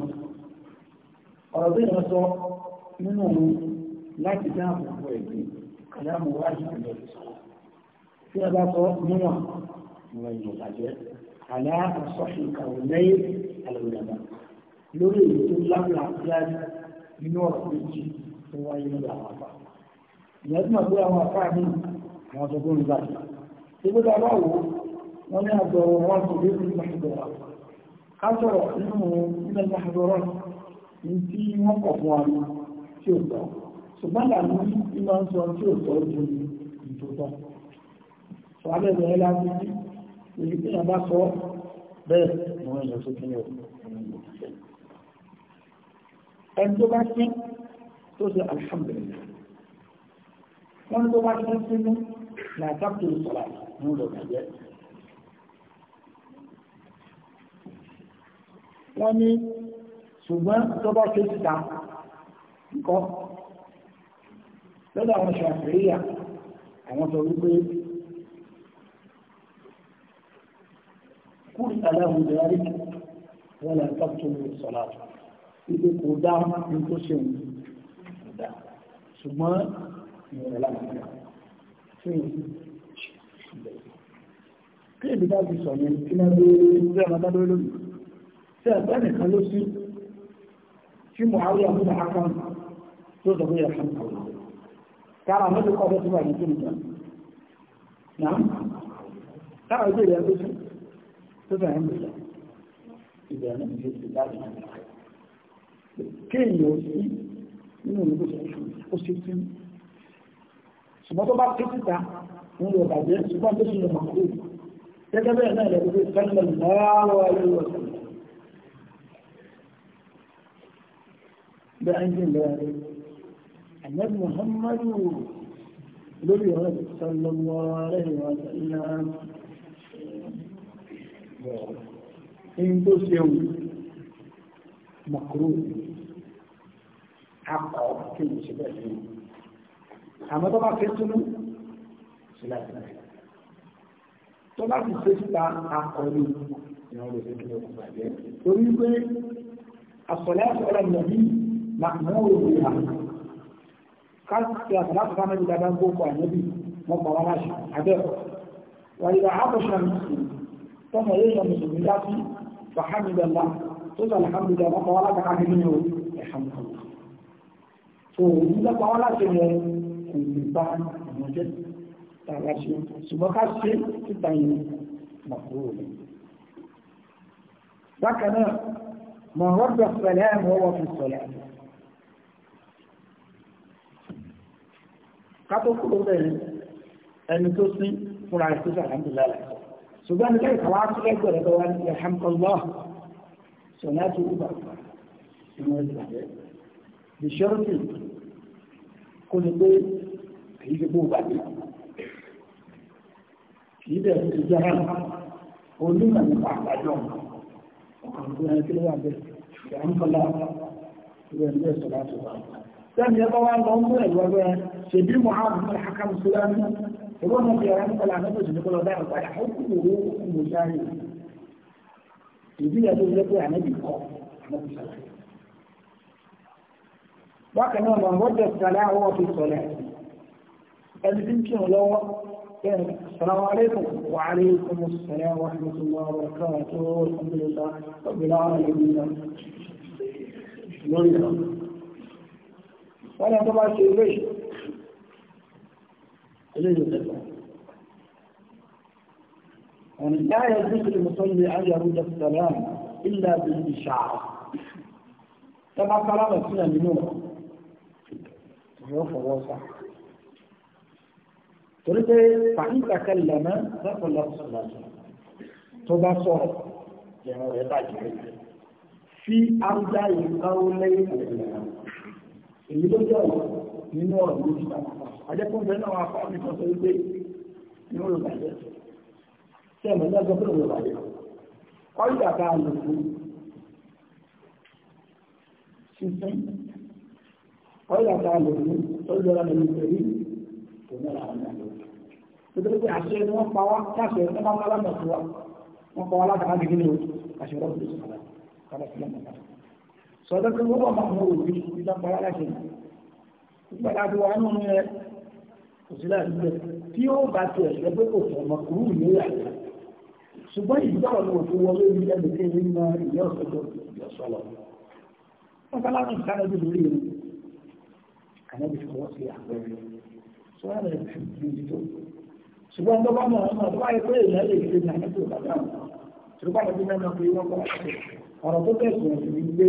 Ọ̀rọ̀ bí wọ́n sọ nínú òun láti dáàbò bo ẹ̀gbẹ́ kàlámù wáyé ìpínlẹ̀ sọ. Tí a bá sọ níwọ̀n, ìwọ̀n ìjọba jẹ́ àlá àsọ̀ṣe ìkàwé lẹ́yìn àlùdàbà lórí èyí tó lábàá jáde nínú ọ̀rọ̀ méjì tó wáyé lọ́dọ̀ àwọn àpá. Ìyá tí màá gbé àwọn àpá mi àwọn tó gbóòrùn bá ṣùgbọ́n tá a bá wò wọ́n ní àjọ wọn tó lé ní ìgbàgbọ́ra ká sọ̀rọ̀ nínú ilẹ̀ ìgbàgbọ́ra ní tí wọ́n kọ̀ fún wa tí ó tọ́ ṣùgbọ́n làmú ní máa ń sọ tí ó tọ́ ju ìtòtọ́ sọ abẹ́ ìwọ̀n ẹlá ti èyí tí a bá sọ bẹ́ẹ̀ ni wọ́n yàn sókè ní ẹni tó bá sí tó ṣe alhamdulillah wọ́n tó bá sí sínú làtàkùn sọ̀rọ̀ mú lọ bàjẹ́. wọ́n ní ṣùgbọ́n tó bá ṣe síta nǹkan lọ́dọ̀ àwọn ṣàfihà àwọn sọ wípé kúrò aláhùn ìdarí wọn là ń tọ́jú sọ̀rọ̀ ibi kò dá ní tó ṣe òun ṣùgbọ́n ìrẹ̀lá nìkan sí kí èdè bá ti sọ yẹn kí lọ́dọ̀ ilé ọmọ tọ́dọ̀ lónìí tí ẹgbẹ́ nìkan ló sí tí mo àwọn ọmọ tó akan tó sọ pé yà fún àwọn kára mọ́tò kọ́ tó wà ní kí nìkan náà kára ojú ìyẹn tó sí tó sọ yẹn bẹ̀rẹ̀ ìbẹ̀rẹ̀ náà ti ṣe láti kí èèyàn sí nínú olùkọ́sọ̀ ṣùgbọ́n tó bá ké síta ń lò bàjẹ́ ṣùgbọ́n tó ṣùgbọ́n mọ̀ kú gẹ́gẹ́ bẹ́ẹ̀ náà lẹ́nu pé sẹ́lẹ̀ lọ́wọ́ ayélujára ọ̀sẹ̀ bẹ́ẹ̀ ń jìn lọ́wọ́ Ahmed Muhammadu lórí ọ̀rọ̀ sẹ́lẹ̀ lọ́wọ́ ayélujára in tó ṣe wù mọ̀kúrò akọ̀ kí n ṣe bẹ́ẹ̀ àmọ́ tó bá ké túnú sílẹ̀ sílẹ̀ tó bá ti ṣe síta akọni ìran lè fi kílẹ̀ ọkọ̀ bàjẹ́ torí pé àsọ̀lẹ́ àsọ̀lẹ́ nàbí màmú òwe hà ká ti àsọ̀lẹ́ àsọ̀lẹ́ nàbí dáadáa gbókò ànábì wọn pa wọn kò lè bá àwọn jẹ́ tààrà ṣe ṣùgbọ́n ká ṣe títa yìí màkúrò rẹ̀ bákan náà mọ̀ rọ́dọ̀ pẹ̀lẹ́ àmọ́wọ́ fi sọ̀rọ̀ kátó kúrò bẹ̀rẹ̀ ẹni tó sí fúnra rẹ̀ tó sàlámùlá rẹ̀ ṣùgbọ́n nílẹ̀ ìkàwá tó lẹ́gbẹ̀ẹ́ rẹ̀ lọ́wọ́ ní alhamdulillah sọ̀nà tó wù bàbá ìmọ̀ ìgbàgbẹ́ bìṣọ́rùtì kó ní pé kìí ṣe gbogbo àgbè kìí dẹ̀ ti jẹ́ onímọ̀ nípa àgbàjọ ọkàn tó yẹn kí ló wà bẹ́ẹ̀ ìyá ń kọ́lá ìwé ẹ̀mí ẹ̀ sọ̀rọ̀ àti wà. sẹ́ni ẹ bá wá lọ ń mú ẹ̀rọ rẹ ṣe bí Muhammad bin Hakam Sulami ìwọ náà fi ẹ̀rọ ń kọ́lá àgbẹ̀bẹ̀ tó ní kọ́lá dáhùn padà ó kú owó ìmọ̀ sáré ìdí ẹ̀ tó yẹ pé ànábì kọ́ ànábì sàlàyé bákan náà màá wọ́dọ̀ sàlá wọ́n fi sọ̀lẹ̀ ẹni tí ń kí lọ́wọ́ bẹ́ẹ̀ sàlámù alaykum wa alaykum sàlẹ̀ wa rahmatullahi wa barakatuh alhamdulillah ọ̀gbìn àwọn ẹ̀yìn lórí lọ. wọ́n ní ọjọ́ bá ṣe ilé ilé ìjọba يعني لا يجوز للمصلي ان يرد السلام الا بالاشاره كما كلام السنه من نور yóò fọwọ́ sá torí pé fàyíkàkà lẹ́mọ́ lọ́pọ̀lọpọ̀ tó bá sọ̀rọ̀ lẹ́mọ́ rẹ̀ bàjẹ́ fi áwùjá yìí káwó lẹ́yìn òkèlè èyí ló jẹ́ ọ̀rọ̀ nínú ọ̀rọ̀ méjì ajẹ́kùnbẹ́ náà wà fáwọn nìkan sọ wípé ní ó bàjẹ́ tí ẹ̀mọ́ ní ọjọ́ pẹ̀lú bàjẹ́ ọ̀rọ̀ ìgbà tá ọ̀yà tá a lò ní tọ́jú ọ̀rọ̀ nàbí pẹ̀lú òmìnira àwọn ọ̀nà. Nítorí pé àṣẹ ni wọ́n pa wá káṣẹ ní wọ́n máa lọ́nà tiwa. Wọ́n pa wá látara gidi ní o, àṣẹ rọ̀ bí sọ̀rọ̀ kára sílẹ̀ nàbà. Sọ̀rọ̀ pé wọ́n máa mú òbí nígbà pa wá láṣẹ. Nígbà tá a ti wà nínú rẹ̀ kò sí láti bẹ̀. lórí rẹ̀ ànábì fọwọ́ sí àpẹẹrẹ sọ́wọ́n rẹ̀ fi gbìyànjú tó ṣùgbọ́n tó bá mọ̀ ọ́n tó bá yẹ pé èèyàn lè ṣe ní ànábì bàbá ṣùgbọ́n àti mẹ́ta pé wọ́n kọ́ ọ̀rọ̀ tó tẹ̀sùn ẹ̀sùn ní gbé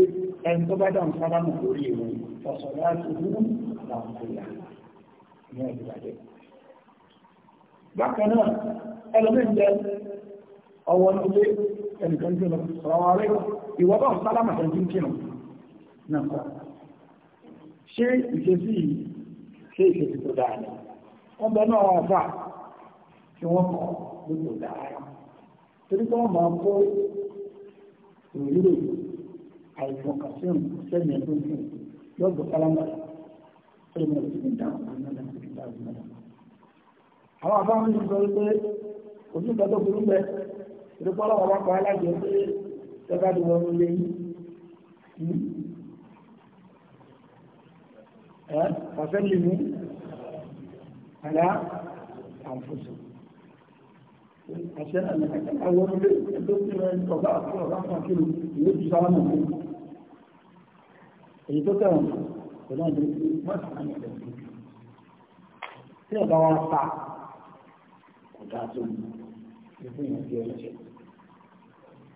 ẹni tó bá dà ń sábà mọ̀ lórí ìwé ọ̀sọ̀ láti mú àwọn ìyá ní ìgbàdé. bákan náà ẹlòmíì jẹ ọwọ́ nílé ẹnìkan jùlọ ọ̀rọ̀ rẹ̀ ìwọ́n bá ń ṣé ìṣesí ṣe ìṣesí tó dáa ni bẹ náà wọn fà tí wọ́n kọ́ gbogbo dáa torí pé wọ́n máa kó ìrírí àìfọkànsìn sẹ́yìn ẹ̀dọ́ fún lọ́gbọ̀n kálámà tó lè mọ̀ sí ìdáhùn àwọn ọmọdé àti ìdáhùn ọmọdé. àwọn àbáwọn yìí sọ wípé ojú ìgbà tó burú bẹ torí pé ọlọ́wọ́ wá pa alájọ pé ṣẹ́gbàdì wọn lé فسلموا على أنفسهم عشان أنا كان أول الدكتور وضعت رقم كيلو يجي سلام èyí tó tẹ̀wọ̀n pẹ̀lú ọdún mọ́sàn-án ní ọ̀dọ̀ tí ọ̀dọ̀ wọn pa kò dáa tó ní ìfún ìyẹn tí ó lọ́sẹ̀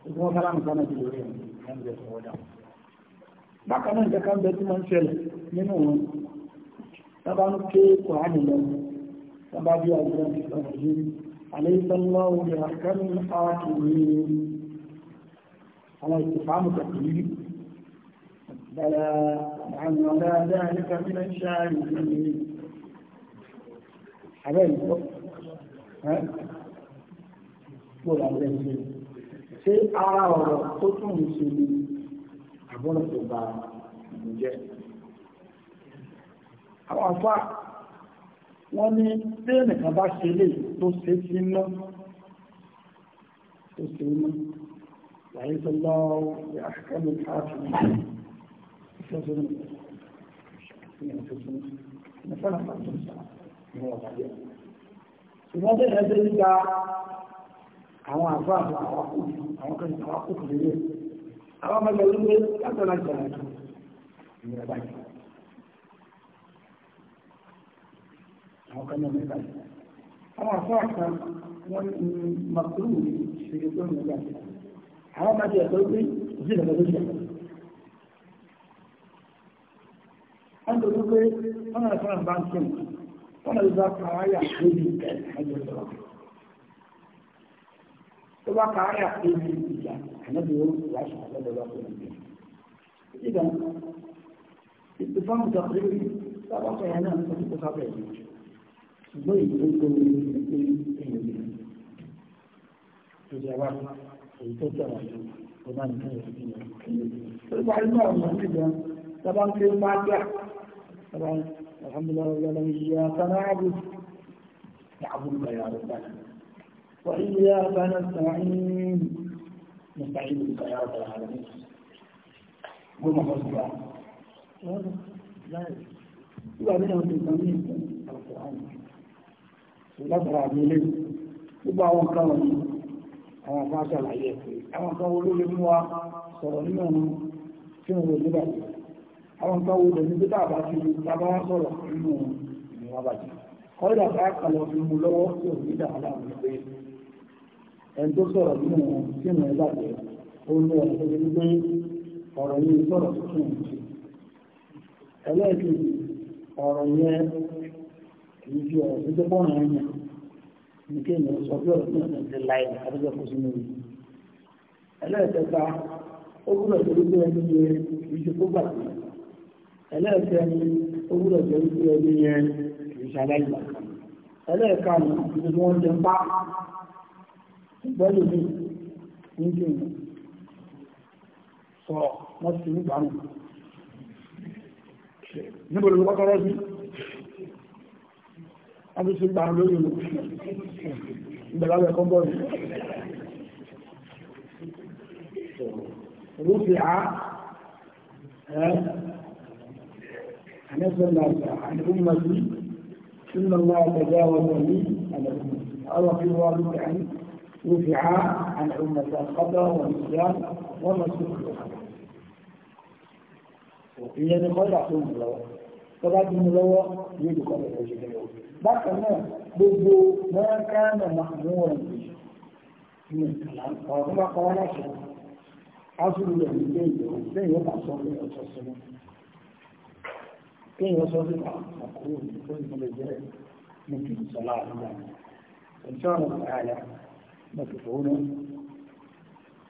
ìfún ọ̀kadà nìkan náà ti lórí ẹ̀ ní ẹ̀ ń bẹ̀ fọwọ́ dáhùn bákan náà nǹkan kan bẹ tí máa ń ṣẹlẹ̀ nínú wọn tábà ń ké kòránì lọ tábà bí àgbà ìsọ̀rọ̀ àléìsọ́lọ́wọ́ bí àkàrí àkìrí àwọn ìsìfàmù tàbí bẹ̀rẹ̀ àwọn ọ̀dá dáadẹ́ka bí náà ṣáàrì ìrìnlẹ̀ àbẹ́ ìgbọ́ lọ́nà tó ba ìlú àwọn afá wọ́n ní bẹ́ẹ̀ nìkan bá ṣe lè tó ṣe sí iná tó ṣe iná wàyí tó lọ rí akẹ́kọ̀ọ́ káàkiri ìfẹ́sọ́nù ìyẹn tuntun nífẹ̀ẹ́ náà tó ń sá ìwọ̀n ọ̀bàjẹ́ ṣùgbọ́n bẹ́ẹ̀ ní ẹgbẹ́ nígbà àwọn àfáà àwọn akókò àwọn akókò lélẹ̀ àwọn ọmọ ìlú pé látọ̀nà ìṣẹ̀lẹ̀ ìrìn àbá yìí. àwọn kan náà nígbà yìí. àwọn àfọ́ àkan wọn ní màkúrú ìṣèlú tó nígbà yìí. àwọn ọmọ ìjọ ìjọ pé òsì ìdàgbà ló ṣe. wọ́n tó pé wọ́n náà fọ́nà bá ń kí wọn náà lè bá pa wáyà lórí ìkẹ́ àjọṣọ́. الواقع يعطي من الإنسان احنا اليوم العشر على الواقع الإنسان إذا اتفاق تقريبي لا واقع هنا أنت في اتفاق يعني ضيق ممكن طبعا في المادة طبعا الحمد لله رب العالمين إياك نعبد نعبدك يا ربنا وإياك نستعين نستعين بك يا رب العالمين قوم فاصبع وبعدين تسميه القرآن الأسرع بإليه gbogbo àwọn kan wọ̀nyí àwọn kan ṣàlàyé ẹ̀kọ́ àwọn kan wo ló lè mú wa sọ̀rọ̀ nínú ọ̀nà tí wọ́n wò nígbà tí àwọn kan wo lòdì tó tàbá fi tàbá wá sọ̀rọ̀ nínú ìwà bàjẹ́ kọ́ńdà bá kan lọ fi mú lọ́wọ́ sí òní dàgbà láàrin pé ẹni tó sọ̀rọ̀ nínú tí ọ̀rọ̀ sọ̀rọ̀ ṣe. ẹlẹ́ẹ̀kejì ọ̀rọ̀ yẹn kì í fi ọ̀rọ̀ tó yẹn ní sọ bí ọ̀rọ̀ tó ń tẹ̀ láì ọrụ kó ọrụ rẹ̀. ẹlẹ́ẹ̀kẹta ó ọrụ jẹ́ ọrụ ẹni yẹn kì í ṣe kó ẹni yẹn bẹ́ẹ̀lú ní kí sọ̀rọ̀ wọ́n ti ní gbàmù níbo ló kọ́kọ́rọ́ sí wọ́n ti ṣe gbàmù lórí ìlú ìgbẹ̀lá rẹ̀ kọ́ bọ́ọ̀lù rúfì á ẹ́ àníṣẹ́ náà àníkúmọ̀ sí إن الله تجاوز نفع عن أمة القدر والإسلام وما سكرها وفي أن قال أحسن الله فبعد من الله يجب أن يجب أن يجب أن يجب ما كان محمورا من الكلام فما لا شيء. أصل الله من جيد كان يبع صلى الله عليه وسلم كان يبع صلى الله من الجهد من كل صلاة الله إن شاء الله تعالى mọ̀tòfóná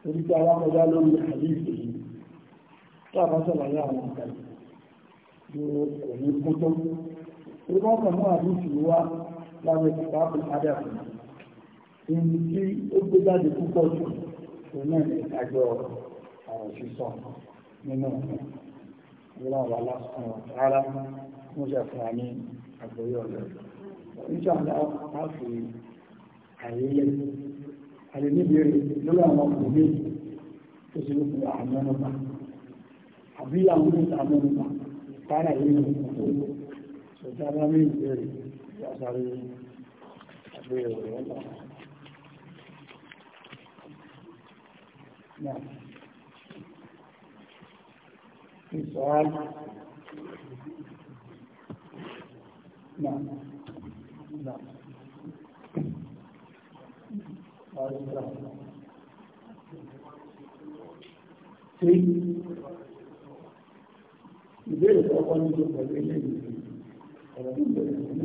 torí pé àwọn ọmọdé lórí àdéhùn èyí tó àbáṣàlàyé àwọn ọ̀gá yóò kò ní kó tó torí wọ́n kàn mú àdéhùn wá lábẹ́ ìpapò adàpọ̀ ìní tí ó gbé jáde púpọ̀ jù òun náà ní ìdájọ́ ọ̀rọ̀ sísọ nínú ọ̀gá ìlànà wà àlè níbi rẹ̀ lórí àwọn ọkùnrin tó ṣe lókun àmọ́ nípa àbí àwọn oníṣẹ́ àmọ́ nípa kára ìlú ìpínlẹ̀ ṣọ̀tà bá ní ìbẹ̀rẹ̀ látàrí sí ìbéèrè tó kọ́ ní ìjọba ìwé ilé ìwé ọ̀rọ̀ tó bẹ̀rẹ̀ sí ní ọ̀rọ̀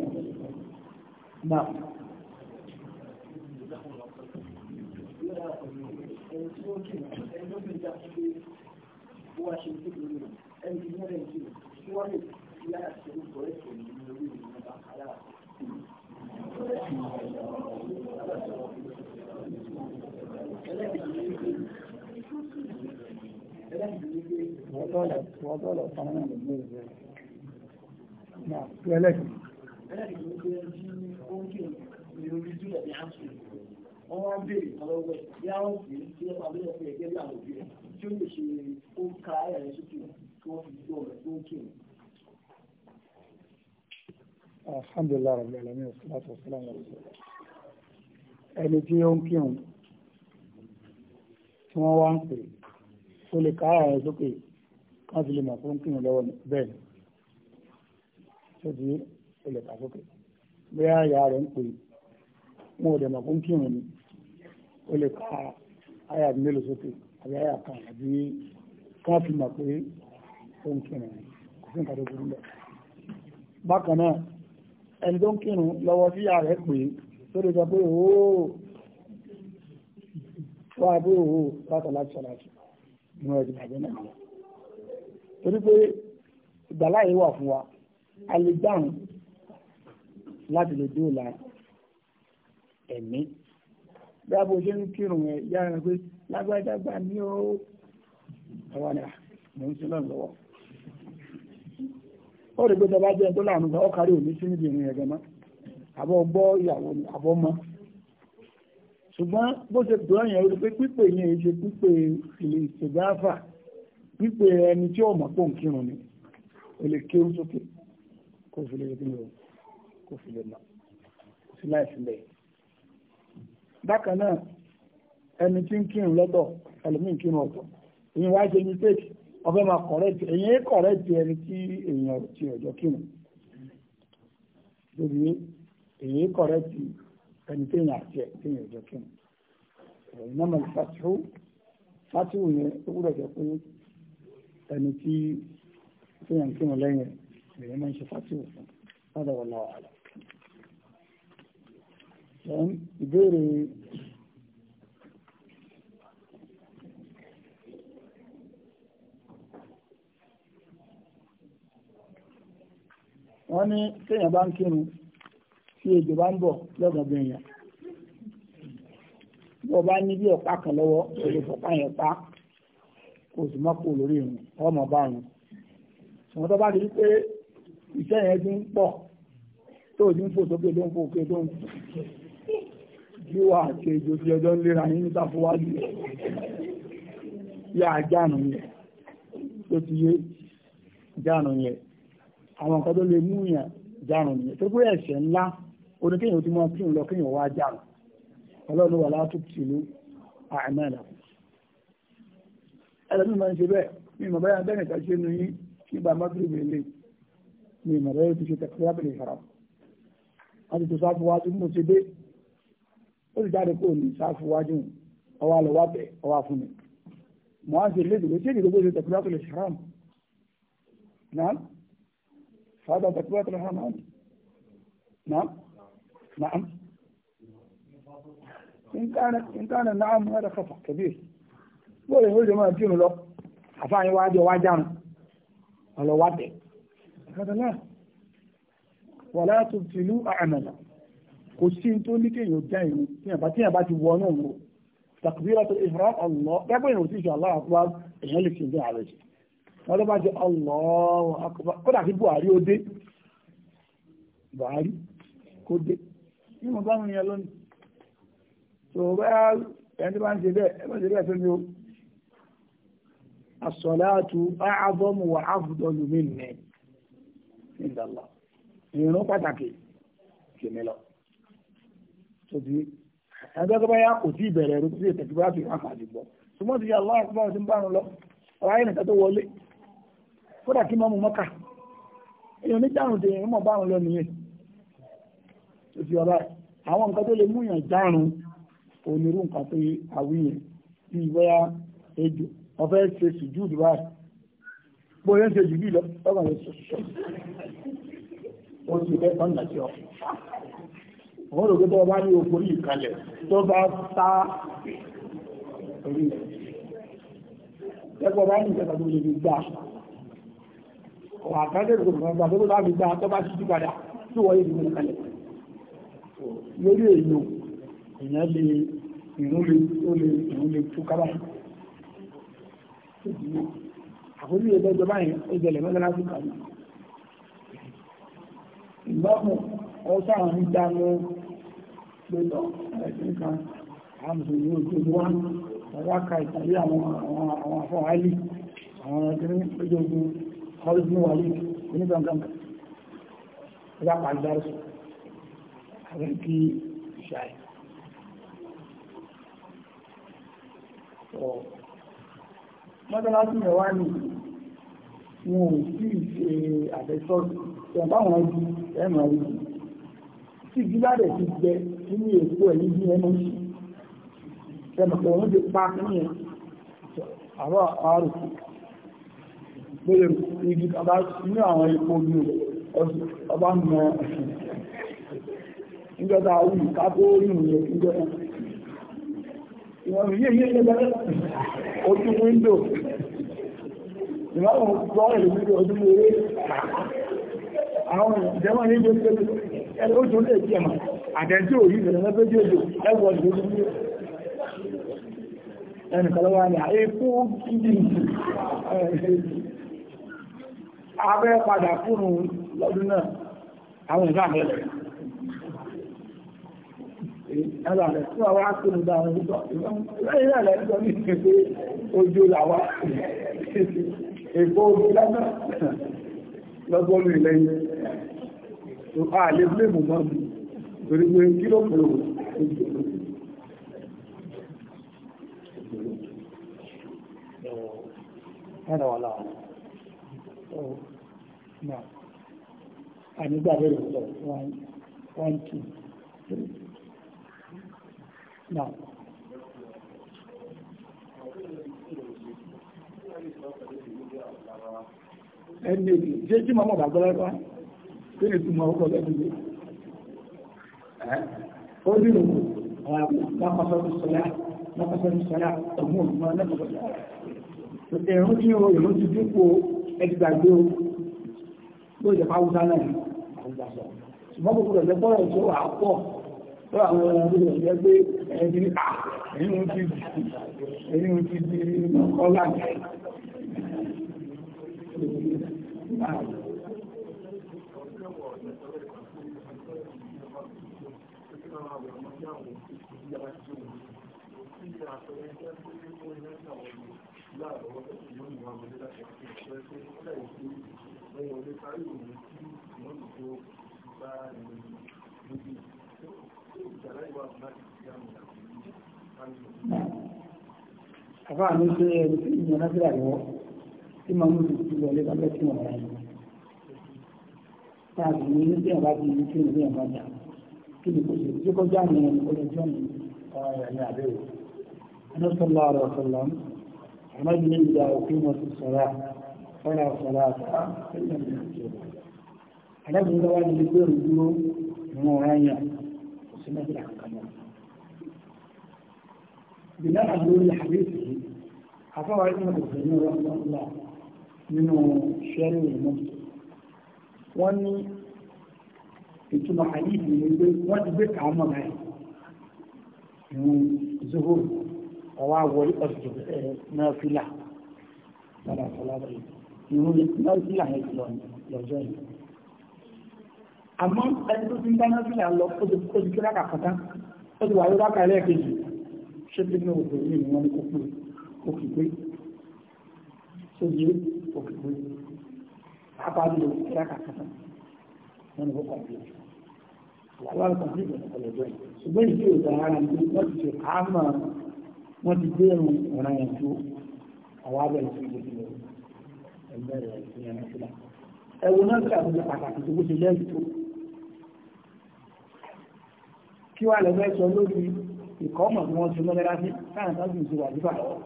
náà. ẹni tí ó kì í ẹni tó fi já sí bó wá ṣe sí ìlú ẹni tí wọ́n lè jù kí wọ́n lè fi láyà sí orúkọ rẹ̀ pẹ̀lú ní orí ìlú nípa aláàbò wọ́n tọ́lọ̀ fọ́nà náà lẹ́gbẹ̀ẹ́ Wọ́n Ẹni tí ó ń kírun tí wọ́n wá ń pè ó lè ká ààrẹ sókè kan fi lè mọ̀ fún kíyàn lọ́wọ́ bẹ́ẹ̀ tó di ó lè ká sókè bóyá ìyá rẹ̀ ń pè wọn ò dẹ̀ mọ̀ fún kíyàn ni ó lè ká àyà mélòó sókè àbí àyà kan àbí kan fi mọ̀ pé ó ń kíyàn ni kò sí nǹkan tó burú lẹ̀. bákan náà ẹni tó ń kírun lọ́wọ́ sí ààrẹ pè tó lè sọ pé ooo wọn àbúrò wo látọ̀ láti ṣọlá jù ní ọdún àjẹ náà torí pé ìgbàláyé wà fún wa a lè dáhùn láti lè dóòlà ẹ̀mí bí a bó ṣe ń kírun ẹ̀ yára pé lágbájágbá ní ó ah, ẹwà náà mò ń sin náà lọ́wọ́ ó rí pé tọ́ba jẹ́ tó láàánú ọkàrí òní sí níbi ìrìn ẹ̀gẹ́ mọ́ àbọ̀ gbọ́ ìyàwó àbọ̀ mọ́ ṣùgbọ́n bó ṣe tó ẹ̀yàn orí pé pípé yẹn ń ṣe pípé ilé ìṣègbáfà pípé ẹni tí ó mọ̀ tó ń kírun ni ó lè kí ó sókè kó fi lè rí o kó fi lè nà kó sí láì sílẹ̀. bákan náà ẹni tí ń kírun lọ́tọ̀ ẹlòmíì kírun ọ̀tọ̀ ìyẹn wá ṣe mistake ọ̀fẹ́ máa kọ̀rẹ́tì ẹ̀yìn kọ̀rẹ́tì ẹni tí èèyàn ti ọ̀jọ́ kírun lórí èyí kọ̀rẹ́tì ẹni téèyàn àti ẹ̀ téèyàn ìjọ kí ni ọ̀rọ̀ iná mọ̀ fásihù fásihù yẹn ó gbúdọ̀ jẹ́ pé ẹni tí téèyàn kí ni lẹ́yìn èèyàn máa ń ṣe fásihù fún lọ́dọ̀ wọlé wàhálà. ìbéèrè wọ́n ní téèyàn bá ń kírun ejò bá ń bọ̀ lọ́gàngàn èèyàn bí ọba ní bí ọ̀pá kan lọ́wọ́ olè fọ̀pá yẹn pa kò sì mọ́ kó lórí ìrìn ọmọ bá rùn ṣùgbọ́n tó bá rí pé iṣẹ́ yẹn ti ń pọ̀ tó ti ń fò sókè tó ń fò òkè tó ń fò bí wà àti ejò tí ọjọ́ ń lera yín níta fún wájú yá àjánu yẹn tó ti yé jánu yẹn àwọn nǹkan tó lè mú yàn jánu yẹn tó pé ẹ̀ṣẹ̀ ńlá oní kéèyàn ti mọ́ kí n lọ kéèyàn wá jà lọ ọlọ́run wà látúkù sílú àmàlà ẹlẹ́mí máa ń ṣe bẹ́ẹ̀ mi mọ̀ báyà bẹ́ẹ̀ nìkan ṣe nu yín kí bá mọ́tìrìbì lè mi mọ̀ báyà ti ṣe tẹ̀kọ́lábìlì ìfara wọ́n ti tó sáfù wájú mo ṣe dé ó ti jáde kó ní sáfù wájú ọwọ́ àlọ́ wá bẹ̀ ọwọ́ fún mi mo á ṣe lédè ṣé ìdìbò ṣe tẹ̀kọ́lábìlì ìfara náà fàdà tẹ̀kọ́lábìlì ìfara náà نعم إن كان إن كان نعم هذا خطأ كبير ويقول لي ما أدين له عفاني واجي واجان ولا وادي هذا لا ولا تبتلوا أعمالا kò sí tó ní kéèyàn já ìrìn tíyàn bá tíyàn bá ti wọ náà lò takbiratul ihram Allah gbẹ́gbẹ́ ìrìn òtíṣẹ́ Allah akbar èèyàn lè fi ìgbé ààrẹ jù wọ́n ló bá jẹ́ Allahu akbar kódà kí Buhari ó dé Buhari kó dé mímọ̀ bá wọn yẹn lónìí tó bẹ́ẹ̀ ẹni bá ń ṣe bẹ́ẹ̀ ẹ bá ṣe bẹ́ẹ̀ fẹ́mi o asọ̀láàtù àádọ́mù wà áfùdọ́lù mí nì ìdàlá ìrún pàtàkì kìíní lọ tó ti ẹgbẹ́ tó bá yá kò tí ìbẹ̀rẹ̀ rẹ̀ tó ti tẹ̀sí bá fi hàn àdìgbọ́ ṣùgbọ́n ti yà lọ́wọ́ àkùnbọ́n ti ń bá rún lọ ọ̀rọ̀ ayé nìkan tó wọlé kódà kí mọ́mú mọ́kà èèyàn ní dáhùn dè èèyàn mọ̀ bá rún lọ nìyẹn òtí ọba àwọn nǹkan tó lè mú yàn járun onírú nǹkan pé àwíyàn bíi bóyá ejò ọ̀fẹ́ ṣe sùjú ìdúrà bóyá ń ṣe jù bíi lọ́gbọ̀n lè sọ̀sọ̀ ó sì fẹ́ tọ́nà sí ọ àwọn òrògbé tó bá ní okòrí ìkalẹ̀ tó bá sá orí ẹgbẹ́ bá ní ìjọba tó lè fi gbà ọ̀wà kan lè rògbòmọ̀ gbà tó bá fi gbà tó bá ṣíjú padà tí wọ́n yé ìdúró kalẹ̀ lórí èlò èèyàn lè ìrúnlé tó lè ìrúnlé tú kábà àkójú ìdájọ́ báyìí ó jẹlẹ̀ mẹ́ta láti kàwé ìgbàmù ọ̀sán àwọn ìdáná lóòtọ́ ẹ̀sìn kan àwọn mùsùlùmí òjòjú wá ọwáka ìtàlé àwọn afọ́ àìlì àwọn ọdún ojú ogun ọdún wà ní onígbàngbàngbà ìdápa ìdárẹ́sùn àbẹ́ kí ìṣáì mọ́tàlásí rẹ̀ wá ní wọn ò sí ṣe àfẹ́sọ́ọ̀tì ìjọba àwọn ẹbí ẹ̀mọ̀ ẹbí tí ìdílá rẹ̀ ti gbẹ nínú èkó ẹ̀ níbi ẹnu sí ẹnu pé òun ti pa nínú ẹ̀ àrọ́ àárò lórí ibi ọba nínú àwọn epo ní ọba mọ ẹ̀sìn níjọba orí ìkábó orí ìyẹn ìwọ̀n yíyẹ yíyẹ lẹ́gbẹ́ ojú wíńdò ìwọ̀n gbọ́ ìlú ojú eré àwọn ìjẹmọ́ ní gbé pé ẹ̀rọ ojú lè jẹ mà àtẹ́jú òyí ìrẹ̀ lẹ́gbẹ́ jẹ́ àwọn ìgbà ẹ̀rọ rẹ̀ fún àwọn akọ̀lùdà ọ̀rọ̀ ìrìn àlẹ́ ẹ̀jọ́ ní ìpínlẹ̀ ojú làwá èkó ojú lọ́nà lọ́gbọ́nù ìlẹ́yìn tó a lè gbé mú mọ́ mi torí pé kí ló pè ó Ẹ̀rọ wà láwọn. Ànígbàbẹ̀rẹ̀ sọ̀rọ̀ 1, 2, 3 náà. ẹni èdè jẹ́ jí mọ́mọ́ bá gbọ́lá bá kí ni túnmọ̀ ọkọ̀ lẹ́nu lé ó ní òkú lápapọ̀lú sọ́lá lápapọ̀lú sọ́lá ọmọ òmìnira lẹ́pọ̀lú ẹ̀rùn tí ó yẹ̀ ló ti dípò ẹgbàgbé o ló jẹ́ fáwúsá náà ní àwùjọ sọ ṣùgbọ́n gbogbo rẹ̀ lẹ́pọ̀lú ẹ̀ṣọ́ wà á pọ̀ tó àwọn ọmọdé ẹgbẹ́ pé ẹni ah, ẹ̀yìn ti di ẹ̀yìn ti di mọ́kọ́lá Thank you àbá àmì ṣe ẹni tí ìyẹn náà lọ́wọ́ tí máa mú ìdí wọlé bá bẹ́ẹ̀ tí wọ́n rà yìí láàbì ní ní tí ìyàbá ti ní tí ìyàbá ìyàbá jà kí ni kò ṣe tí kọjá ní ẹni kọjá tí wọ́n ní ọ̀rọ̀ rẹ̀ ní àbẹ̀wò. ẹni sọ́lá ọ̀rọ̀ sọ́lá àmọ́ ìdílé ìjà òkú wọn ti sọ̀rọ̀ fọ́lá sọ̀rọ̀ àtàrà ẹ̀yìn ìjọba. àdábìnrin lọ́wọ́ sí nàìjíríà kankan náà. bìnnà àlórí àríṣì yìí afọwọ́ ẹ̀kọ́ náà kò fẹ́ ní ọlọ́pàá ńlá nínú ṣẹ́rí ìmọ̀ wọ́n ní ìtumọ̀ àyíkì ní pé wọ́n ti gbé kàámọ̀ náà ìwọ̀n zoho ọwọ́ àwọlé ọ̀sùn náà fìlà padà sọlá bẹ̀rẹ̀ ìwọ̀n náà fìlà yẹn lọ́jọ́ yìí àmọ́ ẹni tó ti ń dáná sílẹ̀ lọ ó ti kó ti kíráka kọta ó ti wà lórí ráka ẹlẹ́ẹ̀kejì ṣé tí ní òkè yìí ni wọ́n ní kó pé òkè pé tó yé òkè pé apáàbí ló ti kíráka kọta wọ́n ní kó kọ̀ọ̀pì wàhálà kọ̀ọ̀pì ìgbà ọ̀lẹ́jọ́ yìí ṣùgbọ́n ìdí òdà ara ni wọ́n ti ṣe àmà wọ́n ti gbé ẹ̀rùn ọ̀ràn yẹn tó àwọn abẹ́rẹ́ sí ìdílé ẹgbẹ́ rẹ̀ ìyẹn náà ẹ̀wọ̀n náà pàtàkì tó bó ṣe lẹ́yìn tó kí wà lọ́gbẹ́ sọ lórí ìkọ́mọ̀ tí wọ́n ti lọ́gbẹ́ra sí káàkiri tó sì wà nípa lọ́wọ́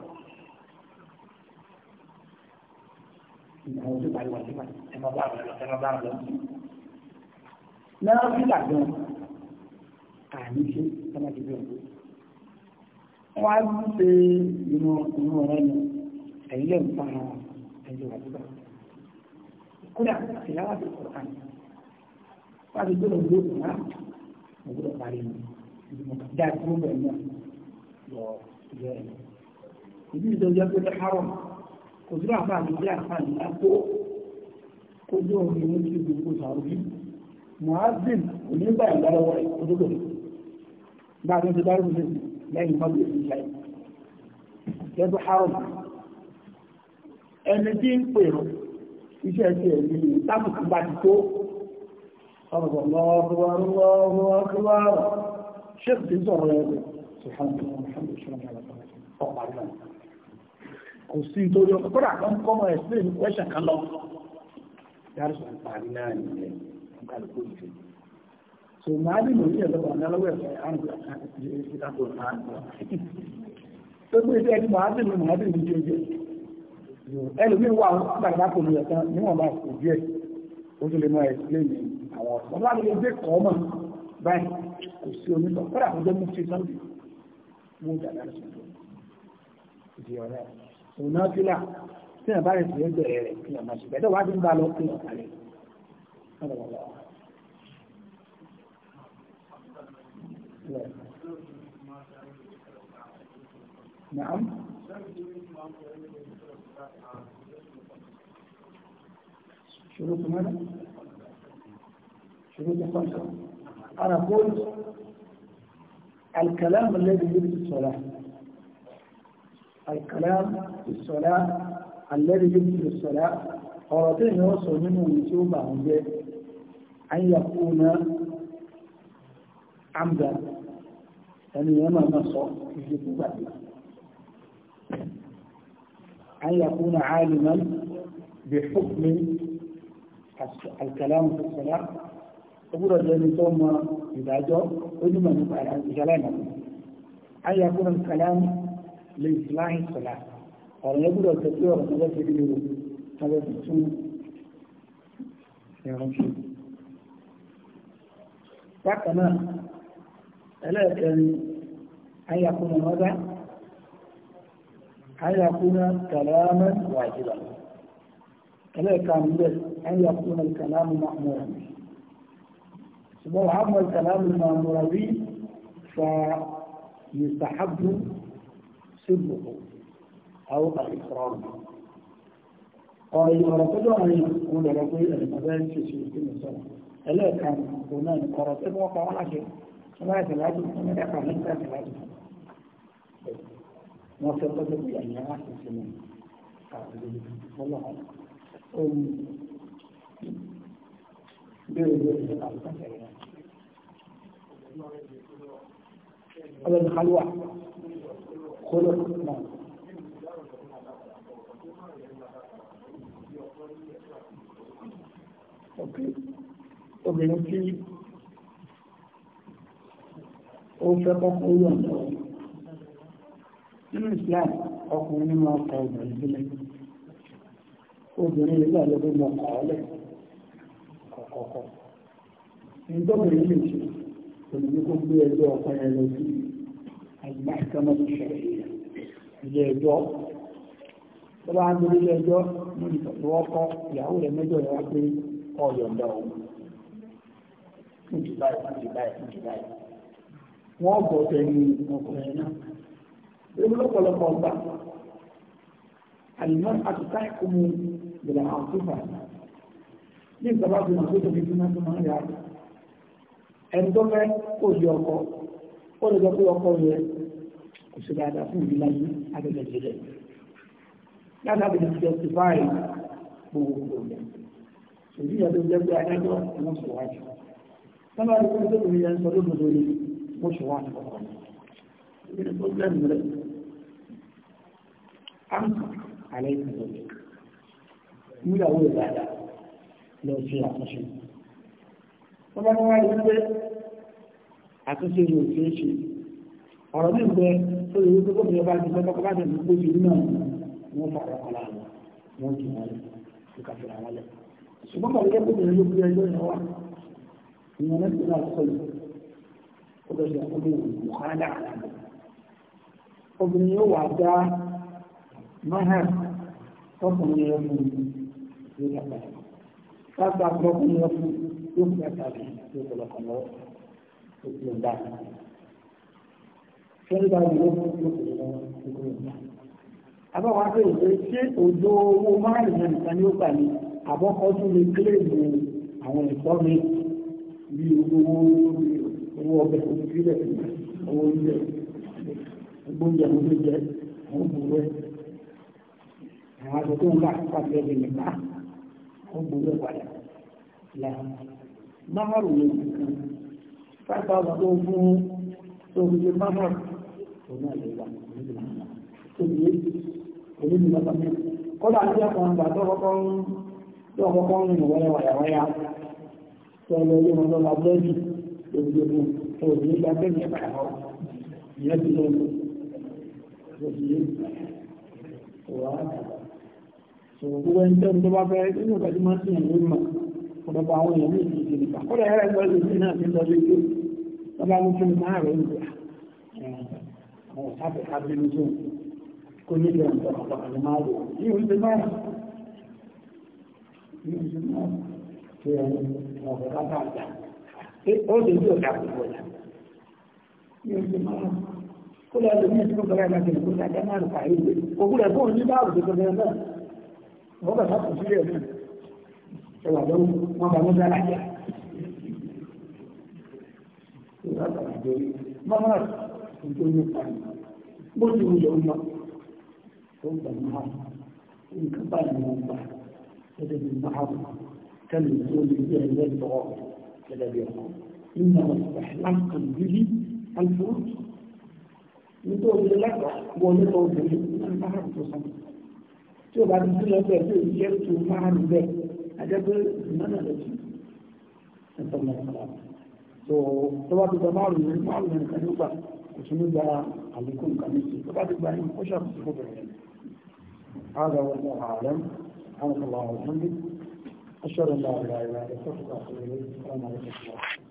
ìgbàwọ́n tó àní ṣe ẹmọ ọ̀gbọ́n wọ́n á ń ṣe inú inú ọ̀rẹ́ ni ẹ̀yìn lè ń pa ẹ̀yìn wà nípa kódà ìyáwó àti kọ̀ọ̀kan wọ́n á ti gbọ́dọ̀ gbọ́dọ̀ náà mo gbọ́dọ̀ parí mi ìdìbò dá dúró bẹ̀rẹ̀ náà lọ yọ ẹ̀. ìdí ìdó yẹ pé haram kò sí àfa mi bí àfa mi á kó kó dé omi ní kí gbogbo sàrúbí muhammed kò ní gbà ìgbà lọ́wọ́ ẹ̀ kótókò bá a ti ń ṣe dárí mi lẹ́yìn mọ́tò ìṣẹ́ yẹ pé haram ẹni tí ń pèrò iṣẹ́ ti ẹ̀ ní tábùkù bá ti tó ọ̀rọ̀ lọ́wọ́ akọ́wọ́ ṣe tí sọ̀rọ̀ ẹgbẹ̀ kò sí torí ọkọ̀kọ́rà kan kọ́mọ̀ ẹ̀sìn ní kwẹ́ṣàn kan lọ yàrùsùn àpàrí náà nílẹ̀ ọkàlùkò ìfẹ́ so máa bí mò ní ẹ̀lọ́wọ̀ anáwọ̀ ẹ̀fẹ́ àrùn àti ìfẹ́kàkò náà tó gbé ẹgbẹ́ ẹni máa àwọn ọ̀sán wà lóye gbé kọ́ mọ̀ báyìí kò sí onítọ̀ kọ́dà kó jẹ́ mú fi sọ́ọ̀dì mú dàda sùn ìdí ọ̀rẹ́ òun náà fílà tí wọn bá rìn sí ẹgbẹ́ rẹ̀ kí wọn máa ṣe شروط الخمسة أنا أقول الكلام الذي يجري الصلاة الكلام في الصلاة الذي يجري في الصلاة قراتين يوصل منه ويشوف عن أن يكون عمدا يعني يما نصر في الجفوف أن يكون عالما بحكم الكلام في الصلاة ó gbọ́dọ̀ jẹ́ ẹni tó mọ ìdájọ́ ó ní mọ̀ nípa ìṣẹ̀lẹ̀ náà ayé kúrò kàlám lè láì sọ̀lá ọ̀rọ̀ yẹn gbọ́dọ̀ tẹ̀ pé ọ̀rọ̀ tọ́lọ́ ti rí o tọ́lọ́ ti tún ẹ̀rọ ṣe. bákan náà ẹlẹ́ẹ̀kẹrin ayé kúrò mọ́dá ayé kúrò kàlámẹ́ wàjibà ẹlẹ́ẹ̀kan bẹ́ẹ̀ ayé kúrò kàlámù máa سواء عمل كلام المأموري فيستحب سبه أو الإكرام قال إذا رفضوا أن يكون رضي المبادئ في سنة السنة ألا كان هناك مرتب وقع عشر كما ثلاثة كما يقع لك ثلاثة وصلت في أن يعاش السنين والله أعلم ọlọ́run halwa kóló náà. obìnrin tí ó fẹ́ kọ́kọ́ yọ̀ lọ nínú Islam ọkùnrin ní wọn kọ obìnrin sílẹ̀ obìnrin ilé àlọ́gbọ́n mọ̀ kọ́ ọ́ lẹ́yìn. àkọ́kọ́ ìdọ́bìnrin lè ṣe òní kó gbé ẹjọ́ ọkọ yẹn lọ sí àgbà ìkànnì ìṣẹ̀lẹ̀ ilé ẹjọ́ tó bá ń gbé ilé ẹjọ́ ní ìtọ́síwọ́kọ ìyàwó rẹ̀ mẹ́jọ rẹ̀ wá pé ọ̀yọ̀ǹda òun fún dubai fún dubai fún dubai wọ́n bọ̀ tẹ̀lé ọkùnrin náà ebi lọ́pọ̀lọpọ̀ gbà àlùmọ́ àtúntà ìkùnmù ìlànà àtúntà náà ní ìjọba fi hàn sókè fífi náà tó máa ń yà á ẹni tó fẹ́ kó di ọkọ ó lè sọ pé ọkọ rẹ kò sí dáadáa fún ìdílé ayé agbègbè jẹjẹ dáadáa bí ti justify gbogbo gbogbo òbí ìyá tó jẹ́ pé adájọ́ ìwọ̀n sọ wájú sábà ní kókó tó kùnrin yẹn sọ lódodo ni mo sọ wájú ọkọ rẹ ní problem rẹ àmì àlẹ́ ìgbàlódé nígbà wo lọ ṣe àtúnṣe wọ́n bá wọ́n wá rí pé àtúnṣe ni ò ṣeé ṣe ọ̀rọ̀ ní ìgbẹ́ tó lè wípé gómìnà bá ti lọ́kọ́ bá dẹ̀ gbogbo ìlú náà wọ́n fà ọ̀rọ̀ kọlá wọn wọ́n jù wọn lẹ̀ kó ká fi àwọn lẹ̀ ṣùgbọ́n kàwé jẹ́ gómìnà ló gbé ẹjọ́ ìyẹn wá ìyẹn náà ti náà kọ́ yìí ó lọ sí àkókò obìnrin yóò wà dá máhàn tọkùnrin ẹ̀rọ ìlú ìlú ìlú kágbà kọ́kún lọ fún yóò fi àtàlù tó kọlọkọ lọ tó kúrò ń bá a. Ṣé nígbà yìí ló fún yóò kúrò lọ tó kúrò ń bá a? Àbáwá bèrè pé ṣé òjò owó márùn-ún náà nìkan ni ó gbà ní àbọ̀kọ́jú lè kílèmù àwọn ẹ̀kọ́ mi bí owó owó ọbẹ̀ omi sílẹ̀ owó ilẹ̀ gbóúnjẹ ló lè jẹ àwọn òbúrẹ́ àwọn aṣọ tó ń bá pàṣẹ ìrìnà ó gbowó padà là máhàrù ló ti kan sábà tó fún tóbi lé máhàrù òun náà lè wà níbi náà tóbi lé olóbi lọ́ba mi kọ́lá àti àwọn àgbà tó kọ́kọ́ ń tó kọ́kọ́ ń rìn wọ́yà wọ́yà wọ́yà tó lọ ilé wọn lọ́ba bẹ́ẹ̀ni tóbi lé fún tóbi lé gba bẹ́ẹ̀ni ẹ̀ padà wọ́n ìyẹn ti lọ́ọ́ lọ́ọ́ tóbi lé wọ́n á kàdá gbogbo ẹni tẹ́rù tó bá fẹ́ nínú ìgbàjú máa sí ìlú mọ̀ ọ̀dọ̀pọ̀ àwọn èèyàn ní ìdíje nípa kọ́dọ̀ ẹ̀rẹ́ ìgbà ìlú sí náà ti lọ lé tó lọ́ba mú fún máa rẹ̀ ìgbà àwọn ọ̀sáfẹ́ abínú tó kó ní ìlú ọ̀dọ̀ ọ̀pọ̀ àti máa rò ní ìlú ti máa ní ìlú ti máa tó ẹni ọ̀pọ̀ bàbá àjà ó lè ní ọ̀dà àbúkọ̀ wọ́n bàbá kò sílẹ̀ náà ẹwà lọ́wọ́ wọn bá wọn dára yá ìwà bàbá torí mọ́mọ́ ìjọ ní pàmì bó ti wù lọ́wọ́ mọ́ ó ń bà máa nǹkan bá ní wọn gbà gẹ́gẹ́ bí máa bù kẹ́lẹ̀ tó lè jẹ́ ẹgbẹ́ tọ́ gẹ́gẹ́ bí ọkọ̀ nínú àwọn ìpàṣẹ bíbí alfúrú nítorí lápá wọlé tó obìnrin náà bá tó sọ́mọ́ tí o bá ti sílẹ̀ bẹ́ẹ̀ tí o jẹ́ tó máa ń bẹ́ẹ̀ àjẹpẹ́ ìmọ̀nà rẹ̀ jù ẹ̀fọ́ mẹ́fà tó tó bá ti gba márùn ún márùn ún nǹkan nígbà kò tún ní gba àlékún nǹkan méjì tó bá ti gba yín ó ṣàkóso fún bẹ̀rẹ̀ هذا والله أعلم سبحانك اللهم وبحمدك أشهد أن لا إله إلا أنت أستغفرك وأتوب إليك السلام عليكم ورحمة الله